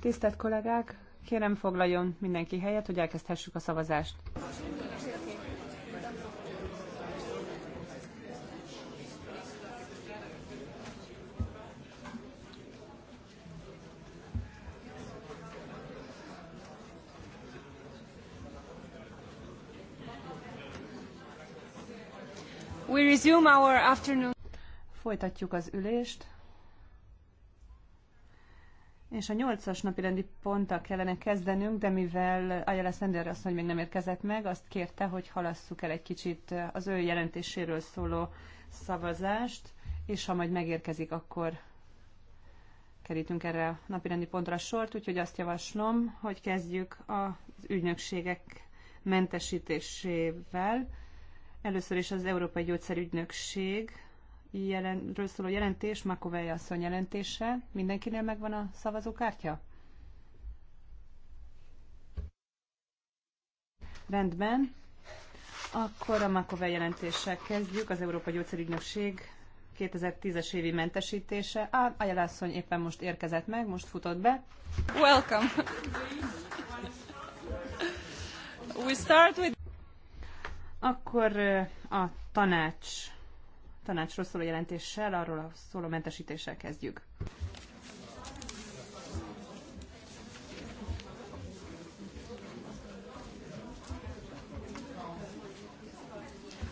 Tisztelt kollégák, kérem foglaljon mindenki helyet, hogy elkezdhessük a szavazást. We resume our afternoon. Folytatjuk az ülést és a nyolcas napi rendi ponttal kellene kezdenünk, de mivel Ayala Sender azt, hogy még nem érkezett meg, azt kérte, hogy halasszuk el egy kicsit az ő jelentéséről szóló szavazást, és ha majd megérkezik, akkor kerítünk erre a rendi pontra a sort, úgyhogy azt javaslom, hogy kezdjük az ügynökségek mentesítésével. Először is az Európai Gyógyszerügynökség jelenről szóló jelentés Makovely asszony jelentése. Mindenkinél megvan a szavazókártya? Rendben. Akkor a Makovely jelentéssel kezdjük. Az Európa Gyógyszerügynökség 2010-es évi mentesítése. Á, a jelászony éppen most érkezett meg, most futott be. Welcome! We start with... Akkor a tanács tanácsról szóló jelentéssel, arról a szóló mentesítéssel kezdjük.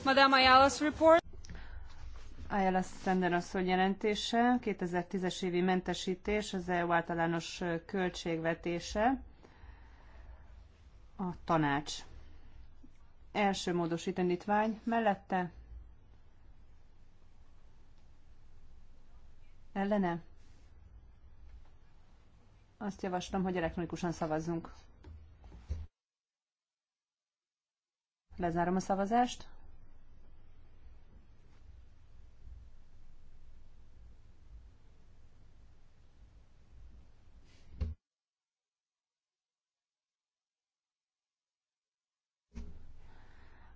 Madame Ayala's report. Ayala Szender asszony jelentése, 2010-es évi mentesítés, az EU általános költségvetése, a tanács. Első módosítanítvány mellette, Ellene? Azt javaslom, hogy elektronikusan szavazzunk. Lezárom a szavazást.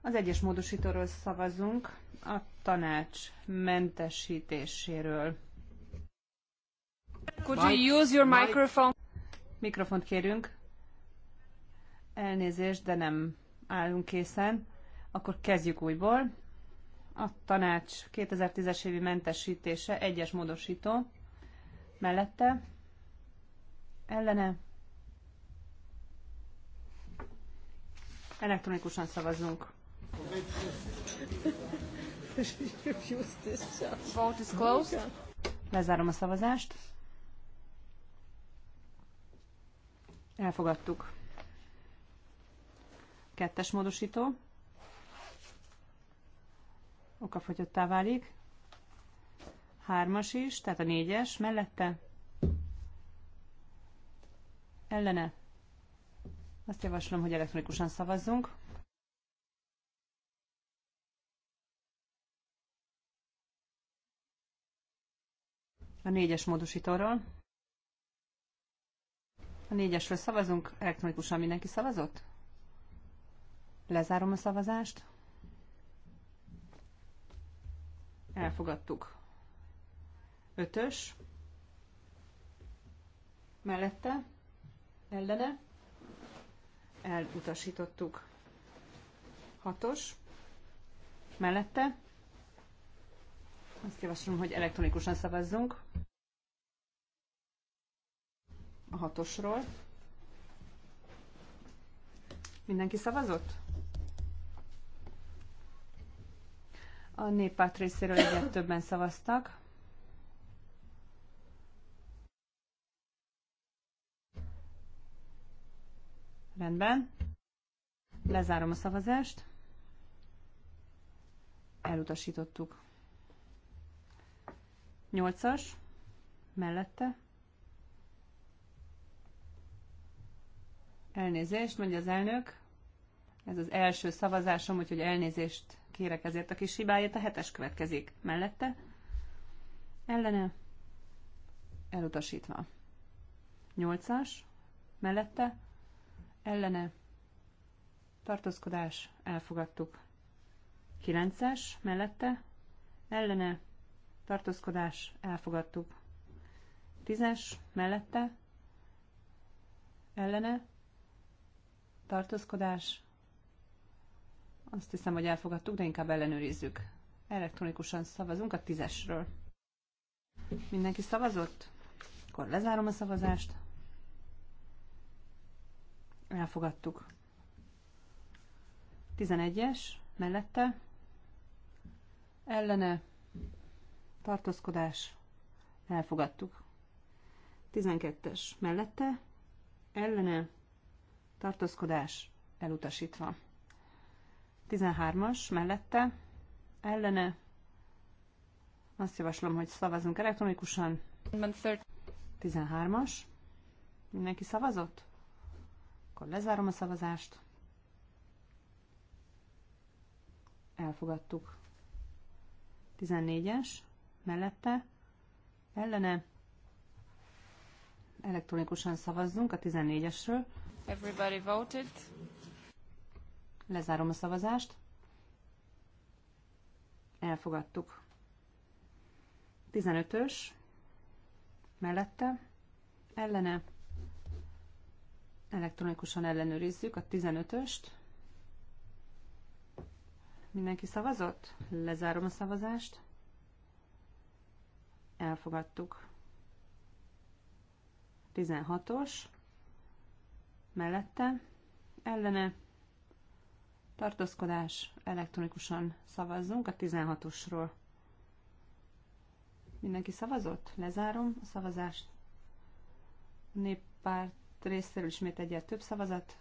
Az egyes módosítóról szavazunk, a tanács mentesítéséről. Could you use your microphone? Mikrofont kérünk. Elnézést, de nem állunk készen. Akkor kezdjük újból. A tanács 2010-es évi mentesítése, egyes módosító. Mellette. Ellene. Elektronikusan szavazunk. Vote is closed. Lezárom a szavazást. Elfogadtuk. Kettes módosító. Okafogyottá válik. Hármas is, tehát a négyes mellette. Ellene. Azt javaslom, hogy elektronikusan szavazzunk. A négyes módosítóról. A négyesről szavazunk, elektronikusan mindenki szavazott? Lezárom a szavazást. Elfogadtuk. Ötös. Mellette. Ellene. Elutasítottuk. Hatos. Mellette. Azt javaslom, hogy elektronikusan szavazzunk a hatosról. Mindenki szavazott? A néppárt részéről egyet többen szavaztak. Rendben. Lezárom a szavazást. Elutasítottuk. Nyolcas. Mellette. Elnézést, mondja az elnök. Ez az első szavazásom, úgyhogy elnézést kérek ezért a kis hibáért. A hetes következik mellette. Ellene. Elutasítva. Nyolcas. Mellette. Ellene. Tartózkodás. Elfogadtuk. Kilences. Mellette. Ellene. Tartózkodás. Elfogadtuk. Tízes. Mellette. Ellene tartózkodás. Azt hiszem, hogy elfogadtuk, de inkább ellenőrizzük. Elektronikusan szavazunk a tízesről. Mindenki szavazott? Akkor lezárom a szavazást. Elfogadtuk. 11-es, mellette. Ellene, tartózkodás, elfogadtuk. 12-es, mellette. Ellene, tartózkodás elutasítva. 13-as mellette ellene azt javaslom, hogy szavazunk elektronikusan. 13-as. Mindenki szavazott? Akkor lezárom a szavazást. Elfogadtuk. 14-es. Mellette. Ellene. Elektronikusan szavazzunk a 14-esről. Everybody voted. Lezárom a szavazást. Elfogadtuk. 15-ös. Mellette. Ellene. Elektronikusan ellenőrizzük a 15-öst. Mindenki szavazott? Lezárom a szavazást. Elfogadtuk. 16-os mellette, ellene, tartózkodás, elektronikusan szavazzunk a 16-osról. Mindenki szavazott? Lezárom a szavazást. A néppárt részéről ismét egyet több szavazat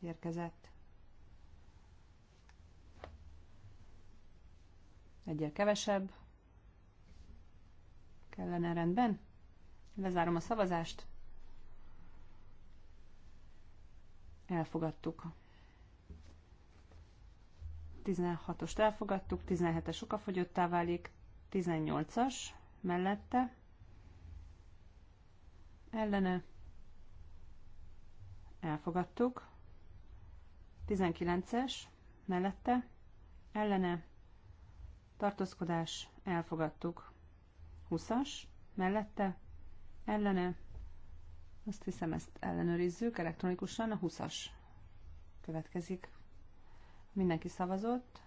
érkezett. Egyel kevesebb. Kellene rendben? Lezárom a szavazást. Elfogadtuk. 16-ost elfogadtuk, 17-es okafogyottá válik, 18-as mellette, ellene, elfogadtuk, 19-es mellette, ellene, tartózkodás, elfogadtuk, 20-as mellette, ellene, azt hiszem, ezt ellenőrizzük elektronikusan. A 20-as következik. Mindenki szavazott.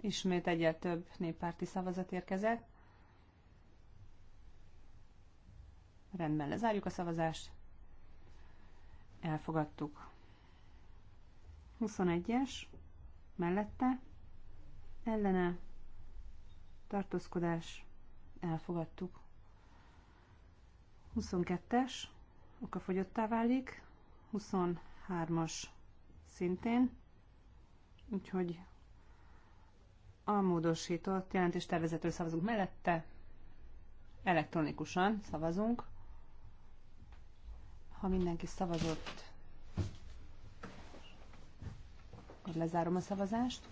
Ismét egyel több néppárti szavazat érkezett. Rendben, lezárjuk a szavazást. Elfogadtuk. 21-es, mellette, ellene, tartózkodás, elfogadtuk. 22-es okafogyottá válik, 23-as szintén, úgyhogy a módosított jelentéstervezetről szavazunk mellette, elektronikusan szavazunk. Ha mindenki szavazott, akkor lezárom a szavazást.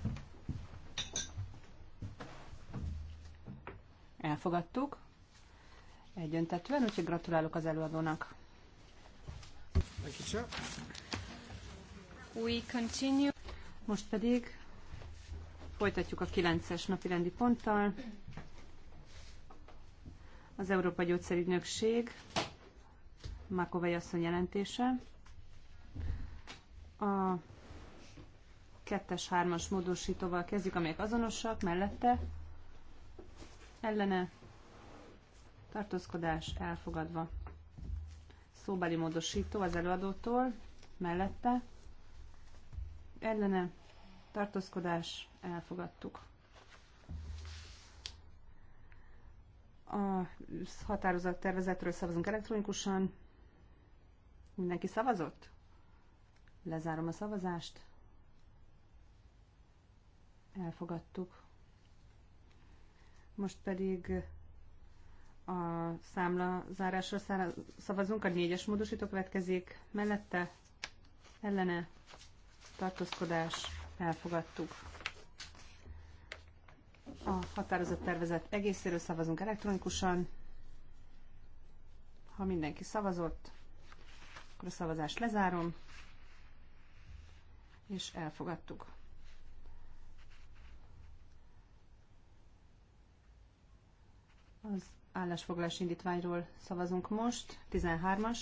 Elfogadtuk egyöntetően, úgyhogy gratulálok az előadónak. We continue. Most pedig folytatjuk a 9-es napi rendi ponttal. Az Európa Gyógyszerügynökség Makovei asszony jelentése. A kettes hármas módosítóval kezdjük, amelyek azonosak, mellette, ellene, tartózkodás elfogadva. Szóbeli módosító az előadótól, mellette, ellene, tartózkodás elfogadtuk. A határozat tervezetről szavazunk elektronikusan. Mindenki szavazott? Lezárom a szavazást. Elfogadtuk. Most pedig a számla zárásra szavazunk, a négyes módosító következik, mellette ellene tartózkodás elfogadtuk. A határozat tervezet egészéről szavazunk elektronikusan. Ha mindenki szavazott, akkor a szavazást lezárom, és elfogadtuk. Az állásfoglalási indítványról szavazunk most, 13-as.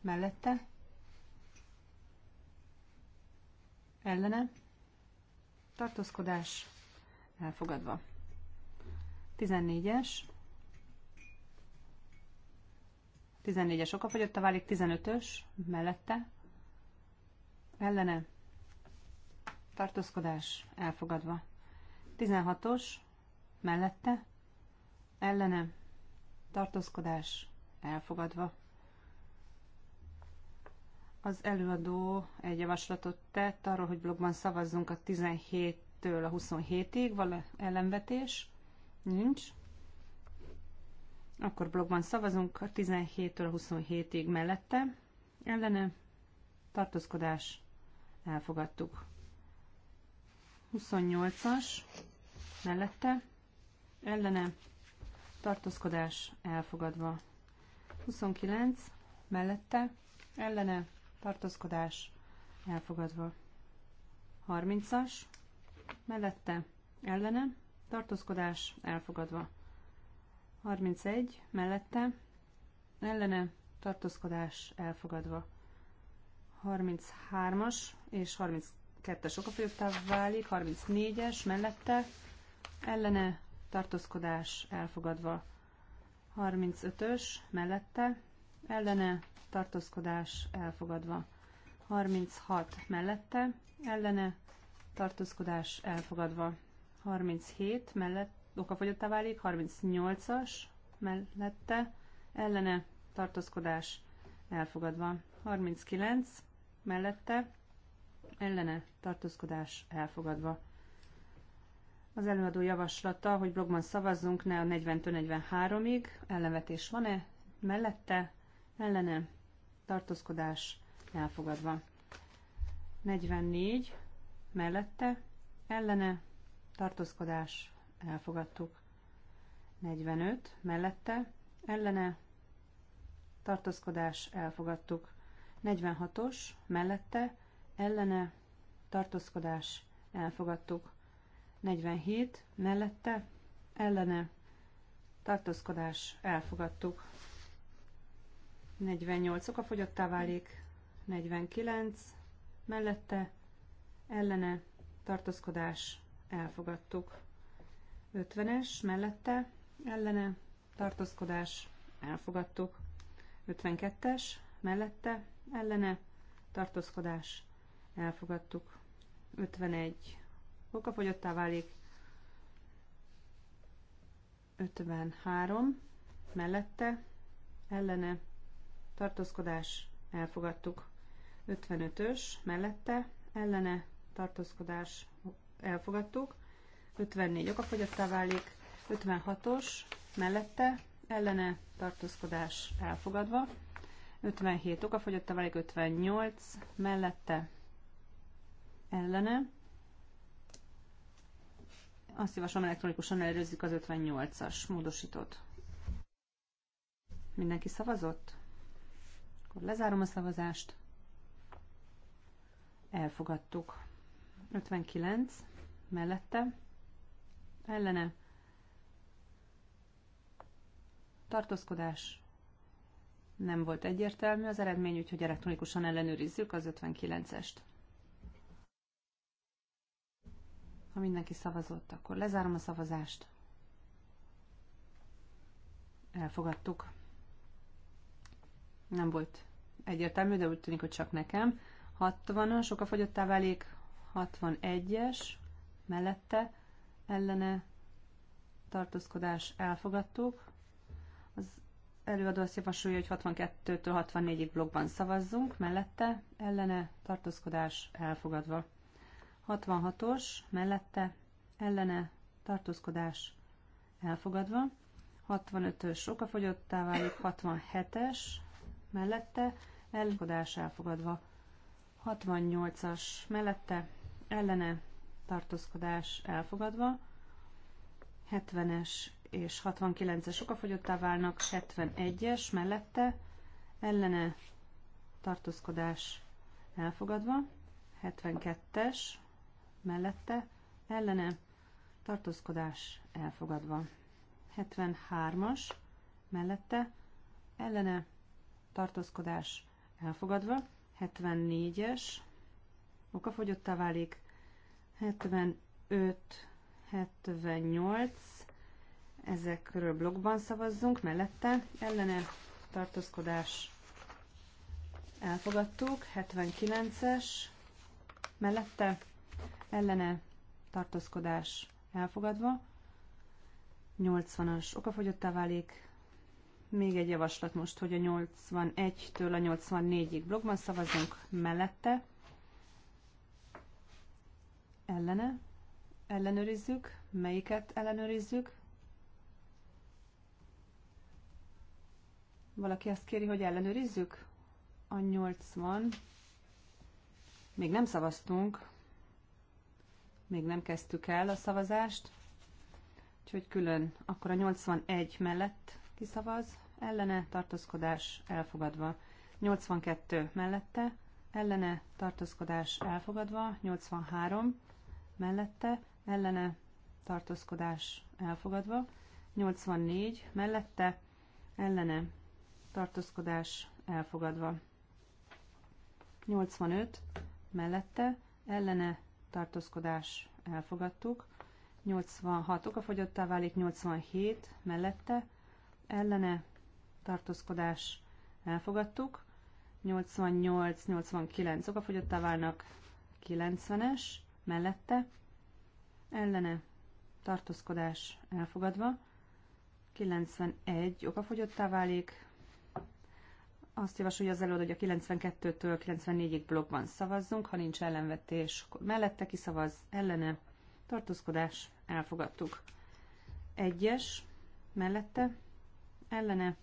Mellette. Ellene. Tartózkodás elfogadva. 14-es. 14-es okafogyottá válik, 15-ös mellette. Ellene. Tartózkodás elfogadva. 16-os mellette ellene tartózkodás elfogadva. Az előadó egy javaslatot tett arról, hogy blogban szavazzunk a 17-től a 27-ig, vala ellenvetés nincs. Akkor blogban szavazunk a 17-től a 27-ig mellette. Ellene tartózkodás elfogadtuk. 28-as mellette ellene tartózkodás elfogadva. 29 mellette ellene tartózkodás elfogadva. 30-as mellette ellene tartózkodás elfogadva. 31 mellette ellene tartózkodás elfogadva. 33-as és 32 32-es okafőttá válik, 34-es mellette ellene tartózkodás elfogadva. 35-ös mellette ellene tartózkodás elfogadva. 36 mellette ellene tartózkodás elfogadva. 37 mellett okafogyottá válik, 38-as mellette ellene tartózkodás elfogadva. 39 mellette ellene tartózkodás elfogadva. Az előadó javaslata, hogy blogban szavazzunk ne a 40 43-ig. Ellenvetés van-e? Mellette? Ellene? Tartózkodás elfogadva. 44 mellette, ellene, tartózkodás, elfogadtuk. 45 mellette, ellene, tartózkodás, elfogadtuk. 46-os mellette, ellene, tartózkodás, elfogadtuk. 47 mellette, ellene, tartózkodás, elfogadtuk. 48 okafogyottá válik, 49 mellette, ellene, tartózkodás, elfogadtuk. 50-es mellette, ellene, tartózkodás, elfogadtuk. 52-es mellette, ellene, tartózkodás, elfogadtuk. 51 okafogyottá válik. 53 mellette, ellene, tartózkodás, elfogadtuk. 55-ös mellette, ellene, tartózkodás, elfogadtuk. 54 okafogyottá válik. 56-os mellette, ellene, tartózkodás, elfogadva. 57 okafogyottá válik, 58 mellette, ellene. Azt javaslom, elektronikusan előrözzük az 58-as módosítót. Mindenki szavazott? Akkor lezárom a szavazást. Elfogadtuk. 59 mellette, ellene, tartózkodás, nem volt egyértelmű az eredmény, úgyhogy elektronikusan ellenőrizzük az 59-est. Ha mindenki szavazott, akkor lezárom a szavazást. Elfogadtuk. Nem volt egyértelmű, de úgy tűnik, hogy csak nekem. 60-as, a fogyottá válik. 61-es, mellette, ellene, tartózkodás, elfogadtuk. Az előadó azt javasolja, hogy 62-től 64-ig blogban szavazzunk, mellette, ellene, tartózkodás, elfogadva. 66-os mellette ellene tartózkodás elfogadva, 65-ös sokafogyottá válik, 67-es mellette elfogadás elfogadva, 68-as mellette ellene tartózkodás elfogadva, 70-es és 69-es sokafogyottá válnak, 71-es mellette ellene tartózkodás elfogadva, 72-es mellette, ellene, tartózkodás elfogadva. 73-as mellette, ellene, tartózkodás elfogadva. 74-es, okafogyottá válik. 75, 78, ezekről blogban szavazzunk, mellette, ellene, tartózkodás elfogadtuk, 79-es, mellette ellene tartózkodás elfogadva, 80-as okafogyottá válik, még egy javaslat most, hogy a 81-től a 84-ig blogban szavazunk mellette, ellene, ellenőrizzük, melyiket ellenőrizzük, Valaki azt kéri, hogy ellenőrizzük? A 80. Még nem szavaztunk még nem kezdtük el a szavazást, úgyhogy külön akkor a 81 mellett kiszavaz, ellene tartózkodás elfogadva. 82 mellette, ellene tartózkodás elfogadva, 83 mellette, ellene tartózkodás elfogadva, 84 mellette, ellene tartózkodás elfogadva, 85 mellette, ellene tartózkodás elfogadtuk, 86 okafogyottá válik, 87 mellette, ellene tartózkodás elfogadtuk, 88-89 okafogyottá válnak, 90-es mellette, ellene tartózkodás elfogadva, 91 okafogyottá válik, azt javasolja az előadó, hogy a 92-től 94-ig blogban szavazzunk, ha nincs ellenvetés, akkor mellette kiszavaz, ellene, tartózkodás, elfogadtuk. Egyes, mellette, ellene,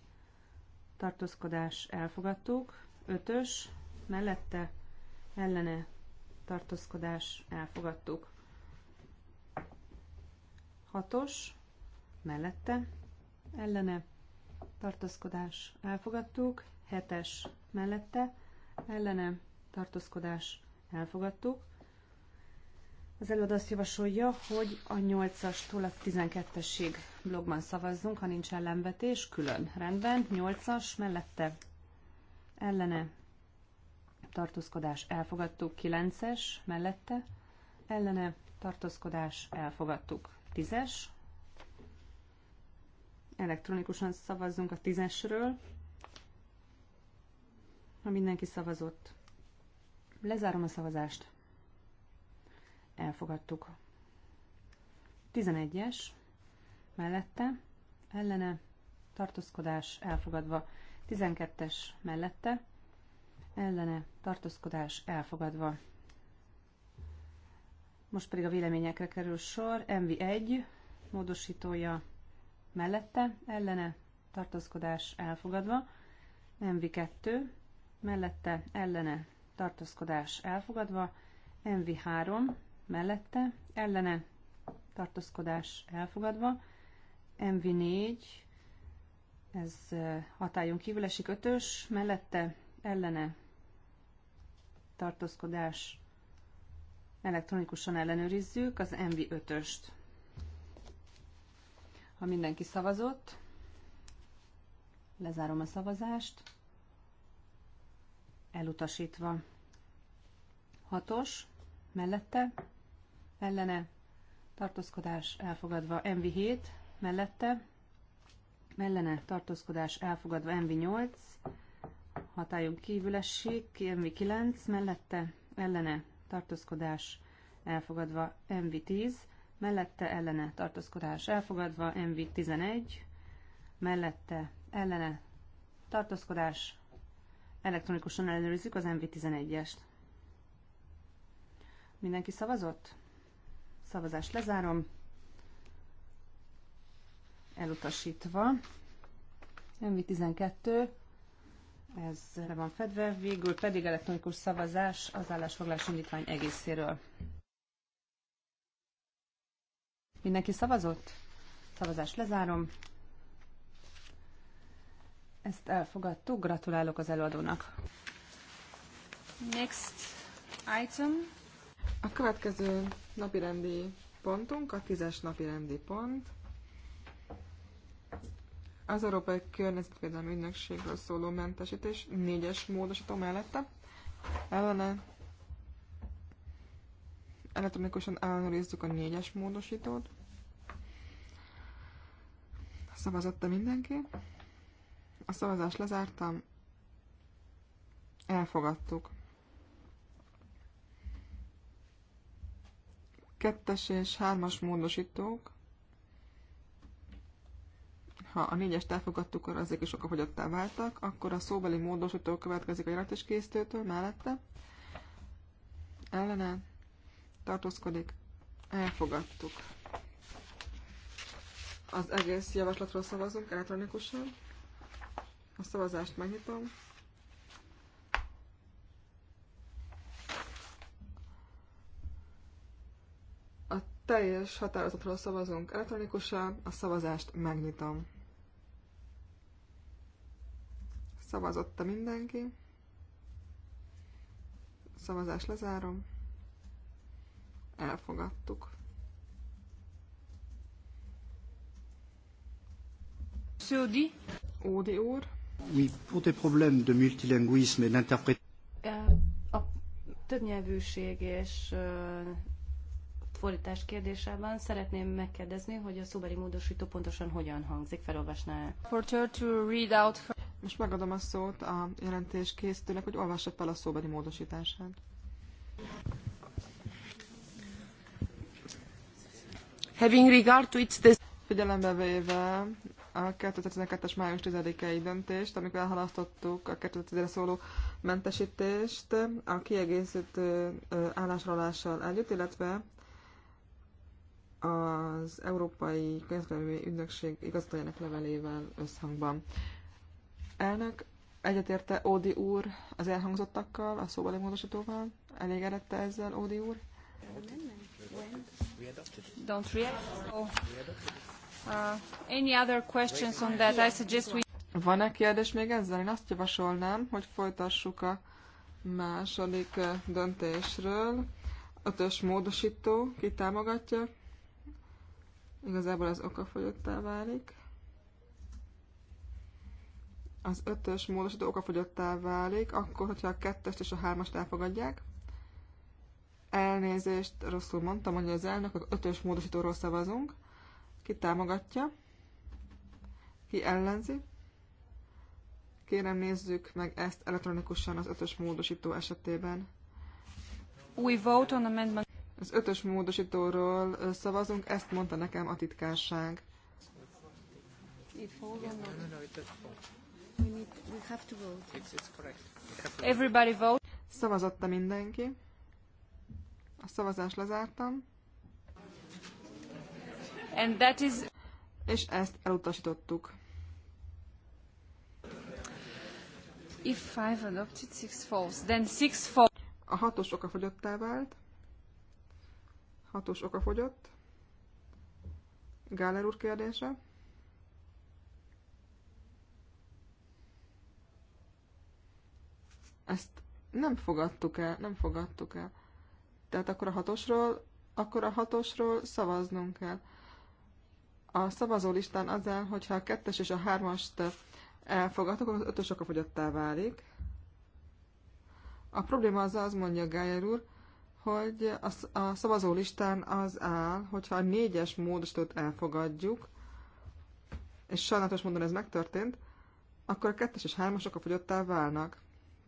tartózkodás, elfogadtuk. Ötös, mellette, ellene, tartózkodás, elfogadtuk. Hatos, mellette, ellene, tartózkodás, elfogadtuk hetes mellette, ellene tartózkodás elfogadtuk. Az előadó azt javasolja, hogy a 8-astól a 12-esig blogban szavazzunk, ha nincs ellenvetés, külön. Rendben, 8-as mellette ellene tartózkodás elfogadtuk, 9-es mellette ellene tartózkodás elfogadtuk, 10-es. Elektronikusan szavazzunk a 10-esről. Ha mindenki szavazott. Lezárom a szavazást. Elfogadtuk. 11-es. Mellette. Ellene. Tartózkodás. Elfogadva. 12-es. Mellette. Ellene. Tartózkodás. Elfogadva. Most pedig a véleményekre kerül sor. MV1 módosítója mellette, ellene, tartózkodás elfogadva. MV2 mellette ellene tartózkodás elfogadva, MV3 mellette ellene tartózkodás elfogadva, MV4 ez hatályon kívül esik ötös, mellette ellene tartózkodás elektronikusan ellenőrizzük az MV5-öst. Ha mindenki szavazott, lezárom a szavazást elutasítva. Hatos, mellette, ellene, tartózkodás elfogadva, MV7, mellette, ellene, tartózkodás elfogadva, MV8, hatályon kívülesség, MV9, mellette, ellene, tartózkodás elfogadva, MV10, mellette, ellene, tartózkodás elfogadva, MV11, mellette, ellene, tartózkodás Elektronikusan ellenőrizzük az MV11-est. Mindenki szavazott? Szavazást lezárom. Elutasítva. MV12. Ez le van fedve. Végül pedig elektronikus szavazás az állásfoglalás indítvány egészéről. Mindenki szavazott? Szavazást lezárom. Ezt elfogadtuk. Gratulálok az előadónak. Next item. A következő napirendi pontunk, a tízes napirendi pont. Az Európai Környezetvédelmi Ügynökségről szóló mentesítés négyes módosító mellette ellene elektronikusan ellenőrizzük a négyes módosítót. Szavazotta mindenki. A szavazást lezártam. Elfogadtuk. Kettes és hármas módosítók. Ha a négyest elfogadtuk, akkor azért is okafogyottá váltak, akkor a szóbeli módosító következik a jelentéskészítőtől mellette. Ellene tartózkodik. Elfogadtuk. Az egész javaslatról szavazunk elektronikusan. A szavazást megnyitom. A teljes határozatról szavazunk elektronikusan, a szavazást megnyitom. Szavazotta mindenki. Szavazást lezárom. Elfogadtuk. Ódi úr. Eh, a többnyelvűség és fordítás kérdésében szeretném megkérdezni, hogy a szóbeli módosító pontosan hogyan hangzik, felolvasná -e. Most megadom a szót a jelentés készítőnek, hogy olvassa fel a szóbeli módosítását. Having regard to its... Figyelembe véve a 2012-es május 10-i döntést, amikor elhalasztottuk a 2010-re szóló mentesítést a kiegészítő állásrólással együtt, illetve az Európai Közlemény Ügynökség igazgatójának levelével összhangban. Elnök egyetérte Ódi úr az elhangzottakkal, a szóbeli módosítóval? Elégedette ezzel Ódi úr? Don't react. Oh. Uh, Van-e kérdés még ezzel? Én azt javasolnám, hogy folytassuk a második uh, döntésről. Ötös módosító, ki támogatja? Igazából az okafogyottá válik. Az ötös módosító okafogyottá válik, akkor, hogyha a kettest és a hármast elfogadják. Elnézést, rosszul mondtam, hogy az elnök, az ötös módosítóról szavazunk. Ki támogatja? Ki ellenzi? Kérem nézzük meg ezt elektronikusan az ötös módosító esetében. We vote on amendment. Az ötös módosítóról szavazunk, ezt mondta nekem a titkárság. Everybody vote. Szavazotta mindenki. A szavazást lezártam. And that is... És ezt elutasítottuk. If five adopted, six falls. Then six fall. A hatos oka fogyottá vált. Hatos oka fogyott. Gáler úr kérdése. Ezt nem fogadtuk el, nem fogadtuk el. Tehát akkor a hatosról, akkor a hatosról szavaznunk kell a szavazólistán azzal, hogyha a kettes és a hármast elfogadtuk, akkor az ötös okafogyottá válik. A probléma az az, mondja Gájer úr, hogy a, a szavazólistán az áll, hogyha a négyes módosítót elfogadjuk, és sajnálatos módon ez megtörtént, akkor a kettes és hármasok a fogyottá válnak.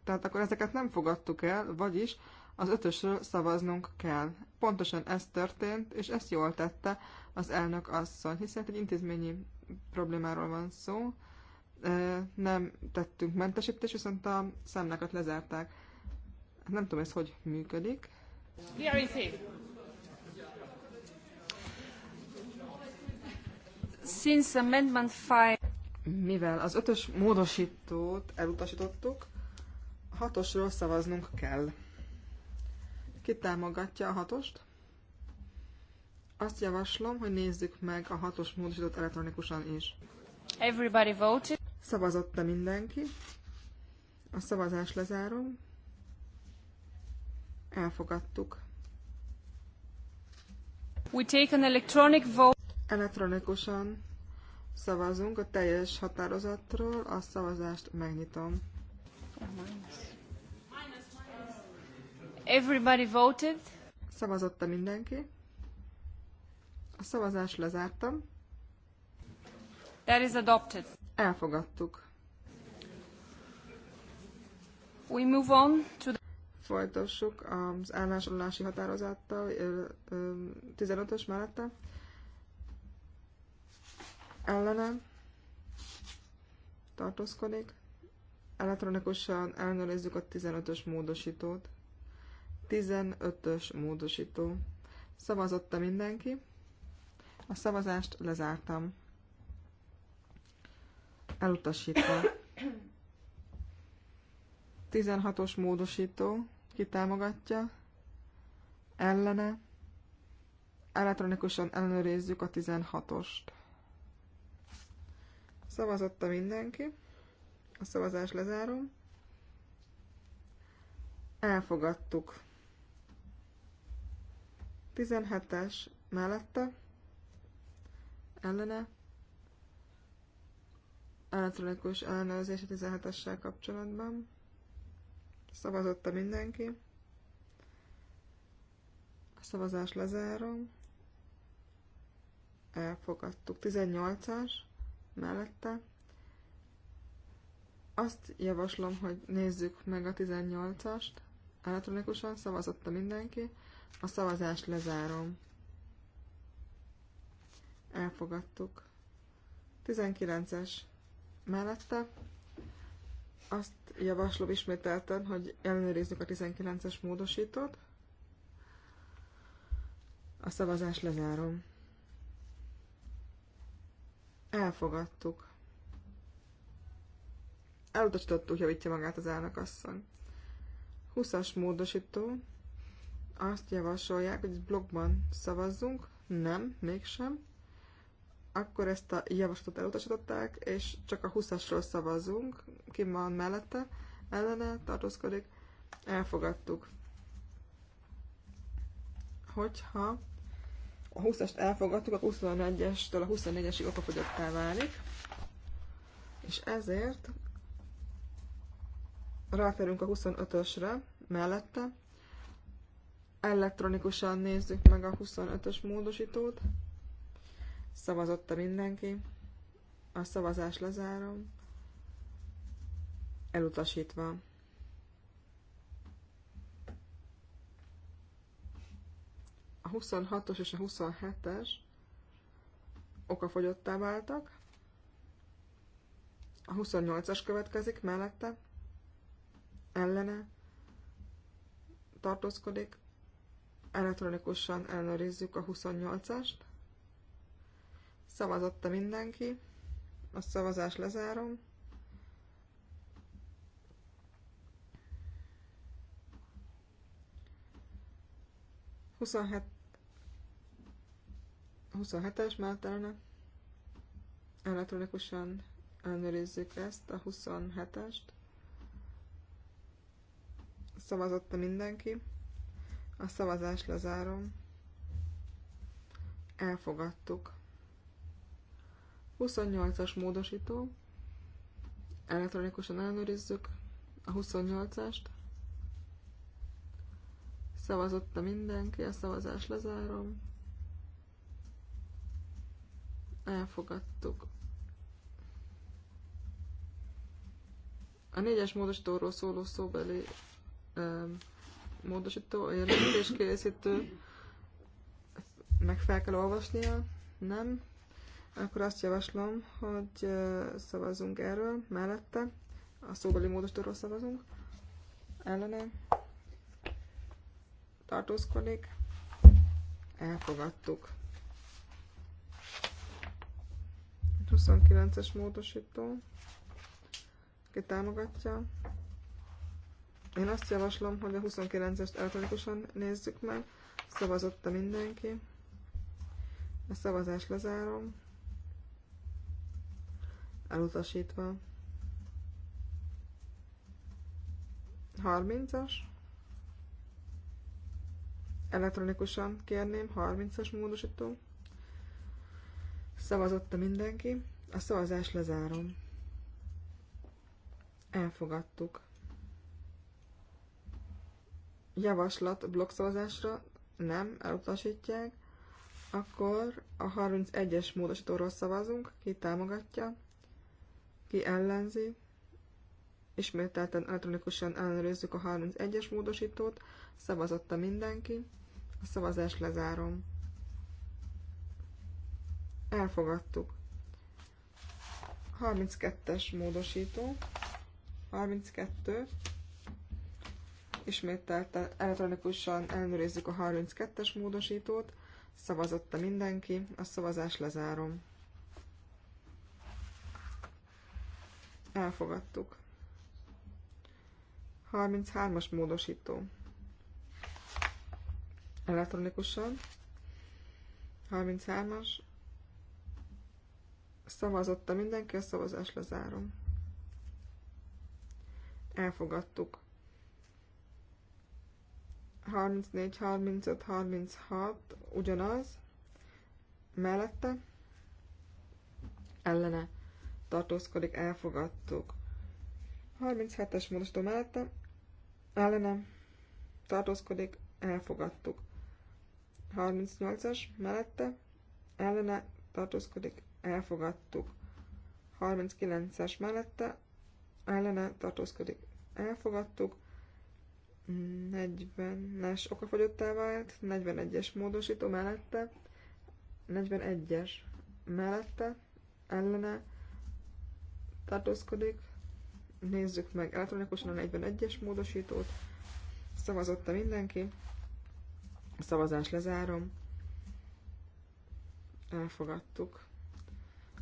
Tehát akkor ezeket nem fogadtuk el, vagyis az ötösről szavaznunk kell. Pontosan ez történt, és ezt jól tette az elnök asszony, hiszen egy intézményi problémáról van szó. Nem tettünk mentesítést, viszont a számlákat lezárták. Nem tudom, ez hogy működik. Since amendment 5 mivel az ötös módosítót elutasítottuk, hatosról szavaznunk kell. Ki támogatja a hatost? Azt javaslom, hogy nézzük meg a hatos módosított elektronikusan is. Everybody voted. Szavazott-e mindenki? A szavazás lezárom. Elfogadtuk. We take an electronic vote. Elektronikusan szavazunk a teljes határozatról, a szavazást megnyitom. Oh, nice. Everybody voted. a mindenki. A szavazást lezártam. That is adopted. Elfogadtuk. We move on to the... Folytassuk az állásolási határozattal, 15-ös mellette. Ellene tartózkodik. Elektronikusan elnőrizzük a 15-ös módosítót. 15-ös módosító. Szavazotta mindenki. A szavazást lezártam. Elutasítva. 16-os módosító. Ki támogatja? Ellene. Elektronikusan ellenőrizzük a 16-ost. Szavazotta mindenki. A szavazás lezárom. Elfogadtuk. 17-es mellette, ellene, elektronikus ellenőrzés a 17-essel kapcsolatban. Szavazotta mindenki. A szavazás lezárom. Elfogadtuk. 18-as mellette. Azt javaslom, hogy nézzük meg a 18-ast. Elektronikusan szavazotta mindenki. A szavazást lezárom. Elfogadtuk. 19-es mellette. Azt javaslom ismételten, hogy ellenőrizzük a 19-es módosítót. A szavazást lezárom. Elfogadtuk. Elutasítottuk, javítja magát az elnökasszony. 20-as módosító azt javasolják, hogy blogban szavazzunk. Nem, mégsem. Akkor ezt a javaslatot elutasították, és csak a 20-asról szavazunk. Ki van mellette? Ellene tartózkodik. Elfogadtuk. Hogyha a 20-ast elfogadtuk, akkor 21-estől a 24-esig okafogyottá válik. És ezért ráférünk a 25-ösre mellette, Elektronikusan nézzük meg a 25-ös módosítót. Szavazotta mindenki. A szavazás lezárom. Elutasítva. A 26-os és a 27-es okafogyottá váltak. A 28-as következik mellette, ellene, tartózkodik, elektronikusan ellenőrizzük a 28-ast. Szavazotta mindenki. A szavazást lezárom. Huszonhet 27-es melltelne. Elektronikusan ellenőrizzük ezt, a 27-est. Szavazotta mindenki. A szavazás lezárom. Elfogadtuk. 28-as módosító. Elektronikusan ellenőrizzük a 28-ast. Szavazotta mindenki, a szavazás lezárom. Elfogadtuk. A négyes módosítóról szóló szóbeli um, módosító, a készítő, meg fel kell olvasnia, nem? Akkor azt javaslom, hogy szavazzunk erről, mellette. A szóbeli módosítóról szavazunk. Ellene. Tartózkodik. Elfogadtuk. 29-es módosító. aki támogatja? Én azt javaslom, hogy a 29-est elektronikusan nézzük meg. Szavazotta mindenki. A szavazást lezárom. Elutasítva. 30-as. Elektronikusan kérném, 30-as módosító. Szavazotta mindenki. A szavazást lezárom. Elfogadtuk javaslat blokkszavazásra nem elutasítják, akkor a 31-es módosítóról szavazunk, ki támogatja, ki ellenzi. Ismételten elektronikusan ellenőrizzük a 31-es módosítót, szavazotta mindenki, a szavazást lezárom. Elfogadtuk. 32-es módosító, 32, Ismételten elektronikusan ellenőrizzük a 32-es módosítót. Szavazotta mindenki. A szavazás lezárom. Elfogadtuk. 33-as módosító. Elektronikusan. 33-as. Szavazotta mindenki, a szavazás lezárom. Elfogadtuk. 34, 35, 36 ugyanaz, mellette, ellene tartózkodik, elfogadtuk. 37-es módosító mellette, ellene tartózkodik, elfogadtuk. 38-as mellette, ellene tartózkodik, elfogadtuk. 39-es mellette, ellene tartózkodik, elfogadtuk. 40-es okafogyottá vált, 41-es módosító mellette, 41-es mellette, ellene tartózkodik. Nézzük meg elektronikusan a 41-es módosítót. Szavazotta mindenki. A szavazás lezárom. Elfogadtuk.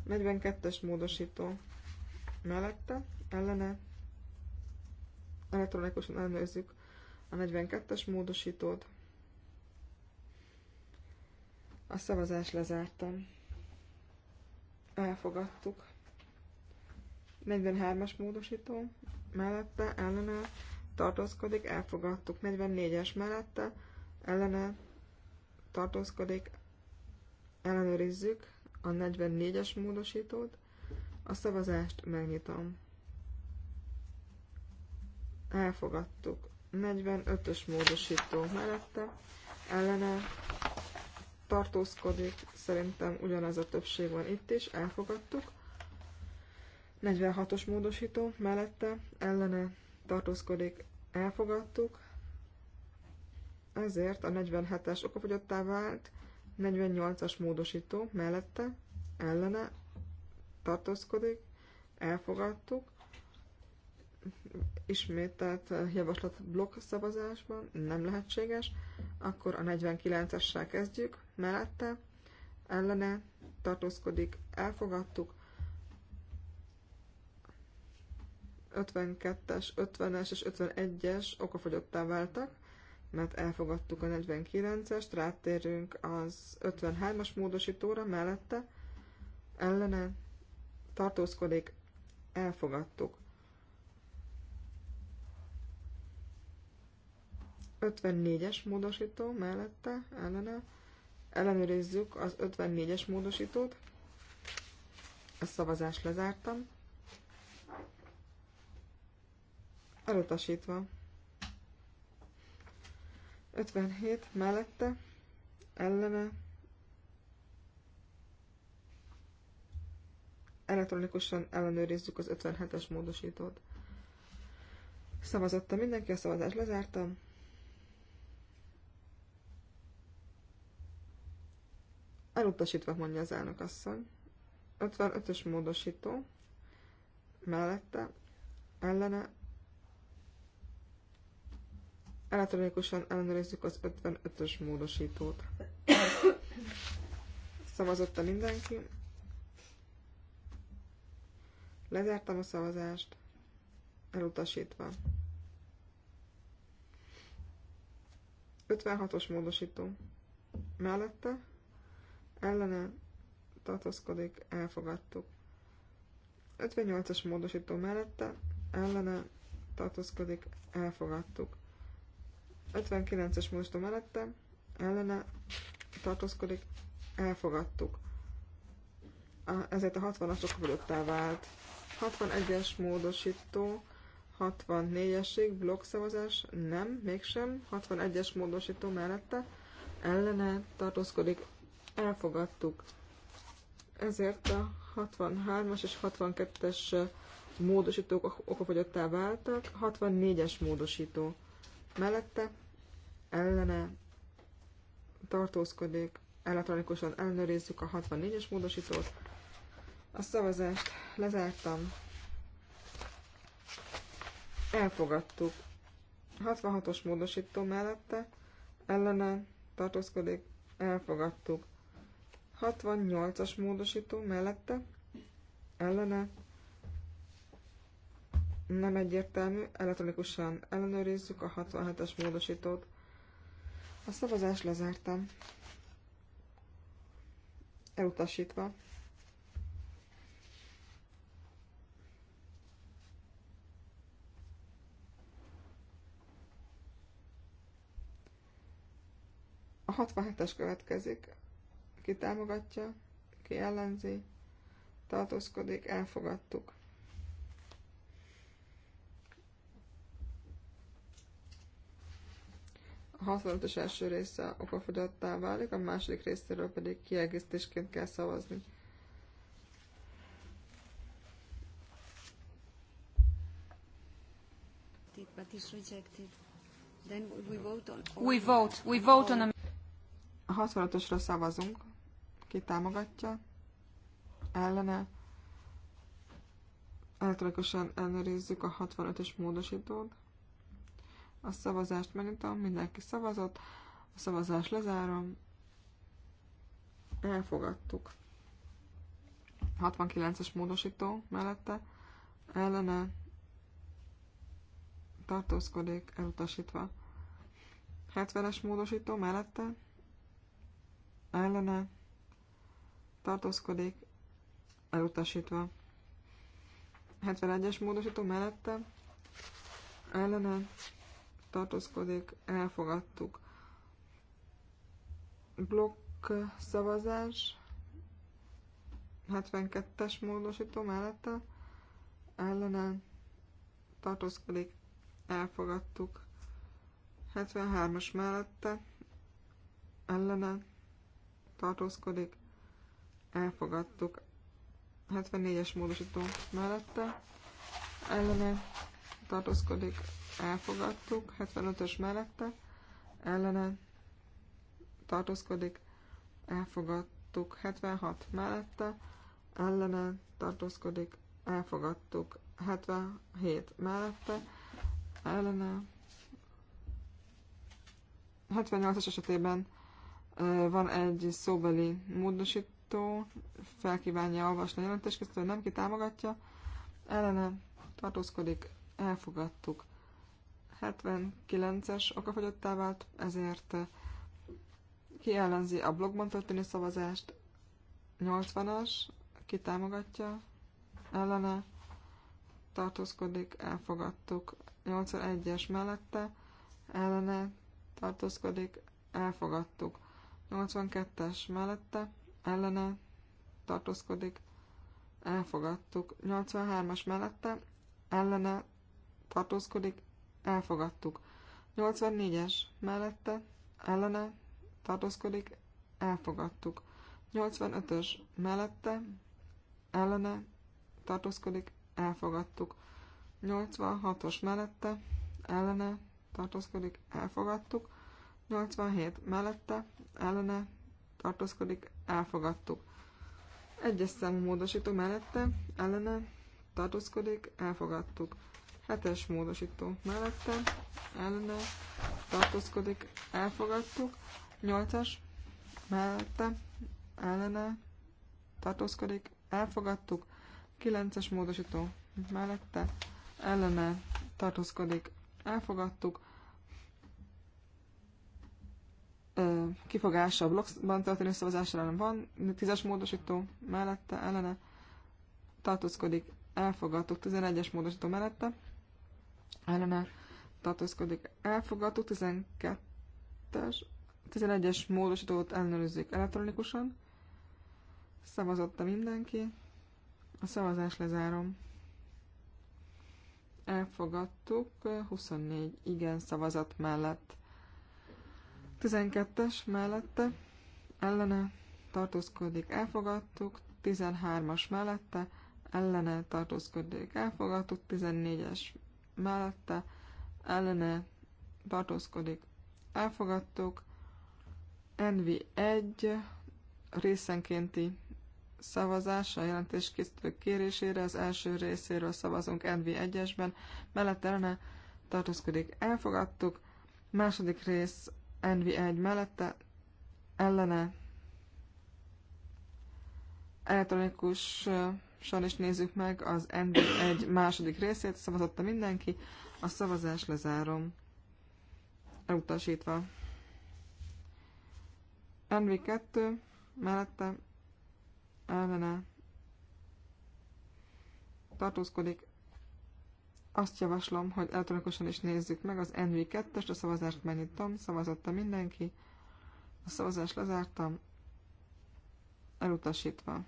42-es módosító mellette, ellene elektronikusan ellenőrzzük a 42-es módosítót. A szavazás lezártam. Elfogadtuk. 43-as módosító mellette ellene tartózkodik, elfogadtuk. 44-es mellette ellene tartózkodik, ellenőrizzük a 44-es módosítót, a szavazást megnyitom. Elfogadtuk. 45-ös módosító mellette ellene tartózkodik, szerintem ugyanaz a többség van itt is, elfogadtuk. 46-os módosító mellette ellene tartózkodik, elfogadtuk. Ezért a 47-es okafogyottá vált, 48-as módosító mellette ellene tartózkodik, elfogadtuk ismételt eh, javaslat blokk szavazásban nem lehetséges, akkor a 49-essel kezdjük, mellette, ellene, tartózkodik, elfogadtuk, 52-es, 50-es és 51-es okafogyottá váltak, mert elfogadtuk a 49-est, rátérünk az 53-as módosítóra mellette, ellene tartózkodik, elfogadtuk. 54-es módosító mellette, ellene. Ellenőrizzük az 54-es módosítót. A szavazást lezártam. Elutasítva. 57 mellette, ellene. Elektronikusan ellenőrizzük az 57-es módosítót. Szavazottam mindenki, a szavazást lezártam. Elutasítva mondja az elnök asszony. 55-ös módosító mellette ellene elektronikusan ellenőrizzük az 55-ös módosítót. Szavazotta mindenki? Lezártam a szavazást, elutasítva. 56-os módosító mellette ellene tartózkodik, elfogadtuk. 58-as módosító mellette ellene tartózkodik, elfogadtuk. 59-es módosító mellette ellene tartózkodik, elfogadtuk. A, ezért a 60-asok fölöttel vált. 61-es módosító, 64-esig blokkszavazás, nem, mégsem. 61-es módosító mellette ellene tartózkodik, elfogadtuk. Ezért a 63-as és 62-es módosítók okafogyottá váltak, 64-es módosító mellette ellene tartózkodik, elektronikusan ellenőrizzük a 64-es módosítót. A szavazást lezártam. Elfogadtuk. 66-os módosító mellette ellene tartózkodik, elfogadtuk. 68-as módosító mellette, ellene, nem egyértelmű, elektronikusan ellenőrizzük a 67-es módosítót. A szavazás lezártam. Elutasítva. A 67-es következik ki támogatja, ki ellenzi, tartózkodik, elfogadtuk. A 65 első része okafogyattá válik, a második részéről pedig kiegészítésként kell szavazni. Then we vote on... We vote. We vote on a... A 65 szavazunk ki támogatja, ellene, elektronikusan ellenőrizzük a 65-ös módosítót. A szavazást megnyitom, mindenki szavazott, a szavazást lezárom, elfogadtuk. 69-es módosító mellette ellene tartózkodik elutasítva. 70-es módosító mellette ellene tartózkodik, elutasítva. 71-es módosító mellette ellene tartózkodik, elfogadtuk. Blokk szavazás 72-es módosító mellette ellene tartózkodik, elfogadtuk. 73-as mellette ellene tartózkodik, elfogadtuk 74-es módosító mellette, ellene tartózkodik, elfogadtuk 75-ös mellette, ellene tartózkodik, elfogadtuk 76 mellette, ellene tartózkodik, elfogadtuk 77 mellette, ellene 78-as esetében van egy szóbeli módosít, módosító felkívánja olvasni a jelentéskészítő, nem ki támogatja, ellene tartózkodik, elfogadtuk. 79-es okafogyottá vált, ezért ki ellenzi a blogban történő szavazást, 80-as, ki támogatja, ellene tartózkodik, elfogadtuk. 81-es mellette, ellene tartózkodik, elfogadtuk. 82-es mellette, ellene tartózkodik, elfogadtuk. 83-as mellette ellene tartózkodik, elfogadtuk. 84-es mellette ellene tartózkodik, elfogadtuk. 85-ös mellette ellene tartózkodik, elfogadtuk. 86-os mellette ellene tartózkodik, elfogadtuk. 87 mellette ellene tartózkodik, elfogadtuk. Egyes számú módosító mellette, ellene, tartózkodik, elfogadtuk. Hetes módosító mellette, ellene, tartózkodik, elfogadtuk. Nyolcas mellette, ellene, tartózkodik, elfogadtuk. Kilences módosító mellette, ellene, tartózkodik, elfogadtuk kifogása a blokkban történő szavazásra nem van, tízes módosító mellette, ellene tartózkodik, elfogadtuk, 11-es módosító mellette, ellene tartózkodik, elfogadtuk, 12-es, 11-es módosítót ellenőrizzük elektronikusan, szavazotta mindenki, a szavazás lezárom. Elfogadtuk 24 igen szavazat mellett. 12-es mellette ellene tartózkodik, elfogadtuk. 13-as mellette ellene tartózkodik, elfogadtuk. 14-es mellette ellene tartózkodik, elfogadtuk. NV1 részenkénti szavazása a jelentés kérésére, az első részéről szavazunk NV1-esben, mellette ellene tartózkodik, elfogadtuk, második rész NV1 mellette ellene elektronikusan is nézzük meg az NV1 második részét, szavazotta mindenki, a szavazás lezárom, elutasítva. NV2 mellette ellene tartózkodik, azt javaslom, hogy elektronikusan is nézzük meg az NV2-est, a szavazást megnyitom, szavazotta mindenki, a szavazást lezártam, elutasítva.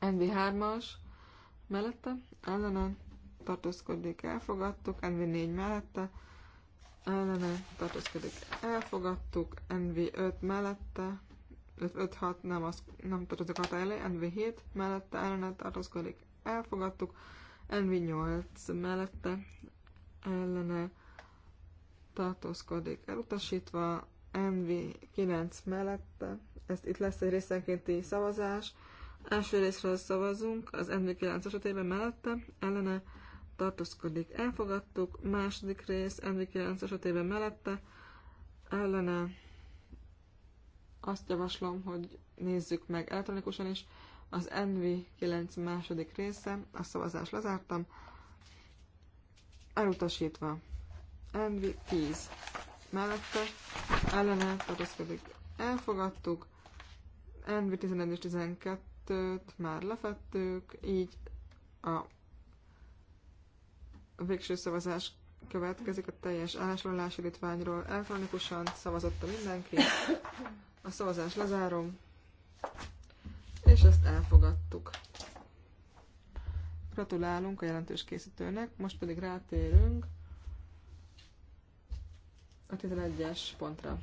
NV3-as, mellette, ellene, tartózkodik, elfogadtuk, NV4 mellette, ellene, tartózkodik, elfogadtuk, NV5 mellette, 5-6 nem, az, nem tartozik a elé, NV7 mellette ellene tartózkodik, elfogadtuk, NV8 mellette ellene tartózkodik elutasítva, NV9 mellette, ezt itt lesz egy részenkénti szavazás, első részről szavazunk, az NV9 esetében mellette, ellene tartózkodik elfogadtuk, második rész NV9 esetében mellette, ellene azt javaslom, hogy nézzük meg elektronikusan is, az NV9 második része, a szavazás lezártam, elutasítva. NV10 mellette, ellene tartózkodik, elfogadtuk. NV11 és 12-t már lefettük, így a végső szavazás következik a teljes állásolási litványról. Elektronikusan szavazotta mindenki. A szavazás lezárom és ezt elfogadtuk. Gratulálunk a jelentős készítőnek, most pedig rátérünk a 11-es pontra.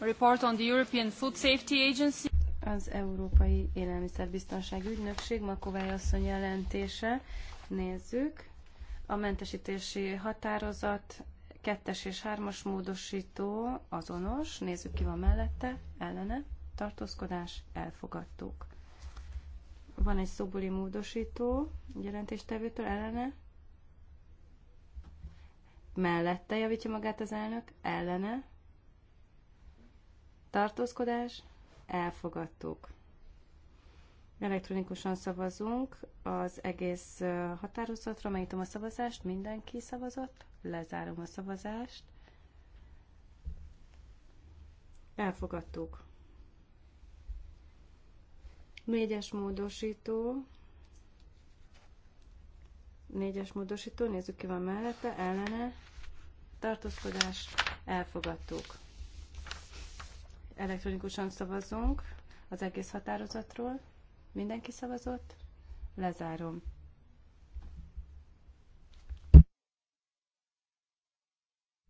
A report on the European Food Safety Agency. Az Európai Élelmiszerbiztonsági Ügynökség Makovály asszony jelentése. Nézzük. A mentesítési határozat Kettes és hármas módosító azonos, nézzük ki van mellette, ellene, tartózkodás, elfogadtuk. Van egy szobori módosító, jelentéstevőtől ellene, mellette javítja magát az elnök, ellene, tartózkodás, elfogadtuk. Elektronikusan szavazunk az egész határozatra, Megnyitom a szavazást, mindenki szavazott, lezárom a szavazást. Elfogadtuk. Négyes módosító. Négyes módosító, nézzük ki van mellette, ellene. Tartózkodás, elfogadtuk. Elektronikusan szavazunk az egész határozatról. Mindenki szavazott? Lezárom.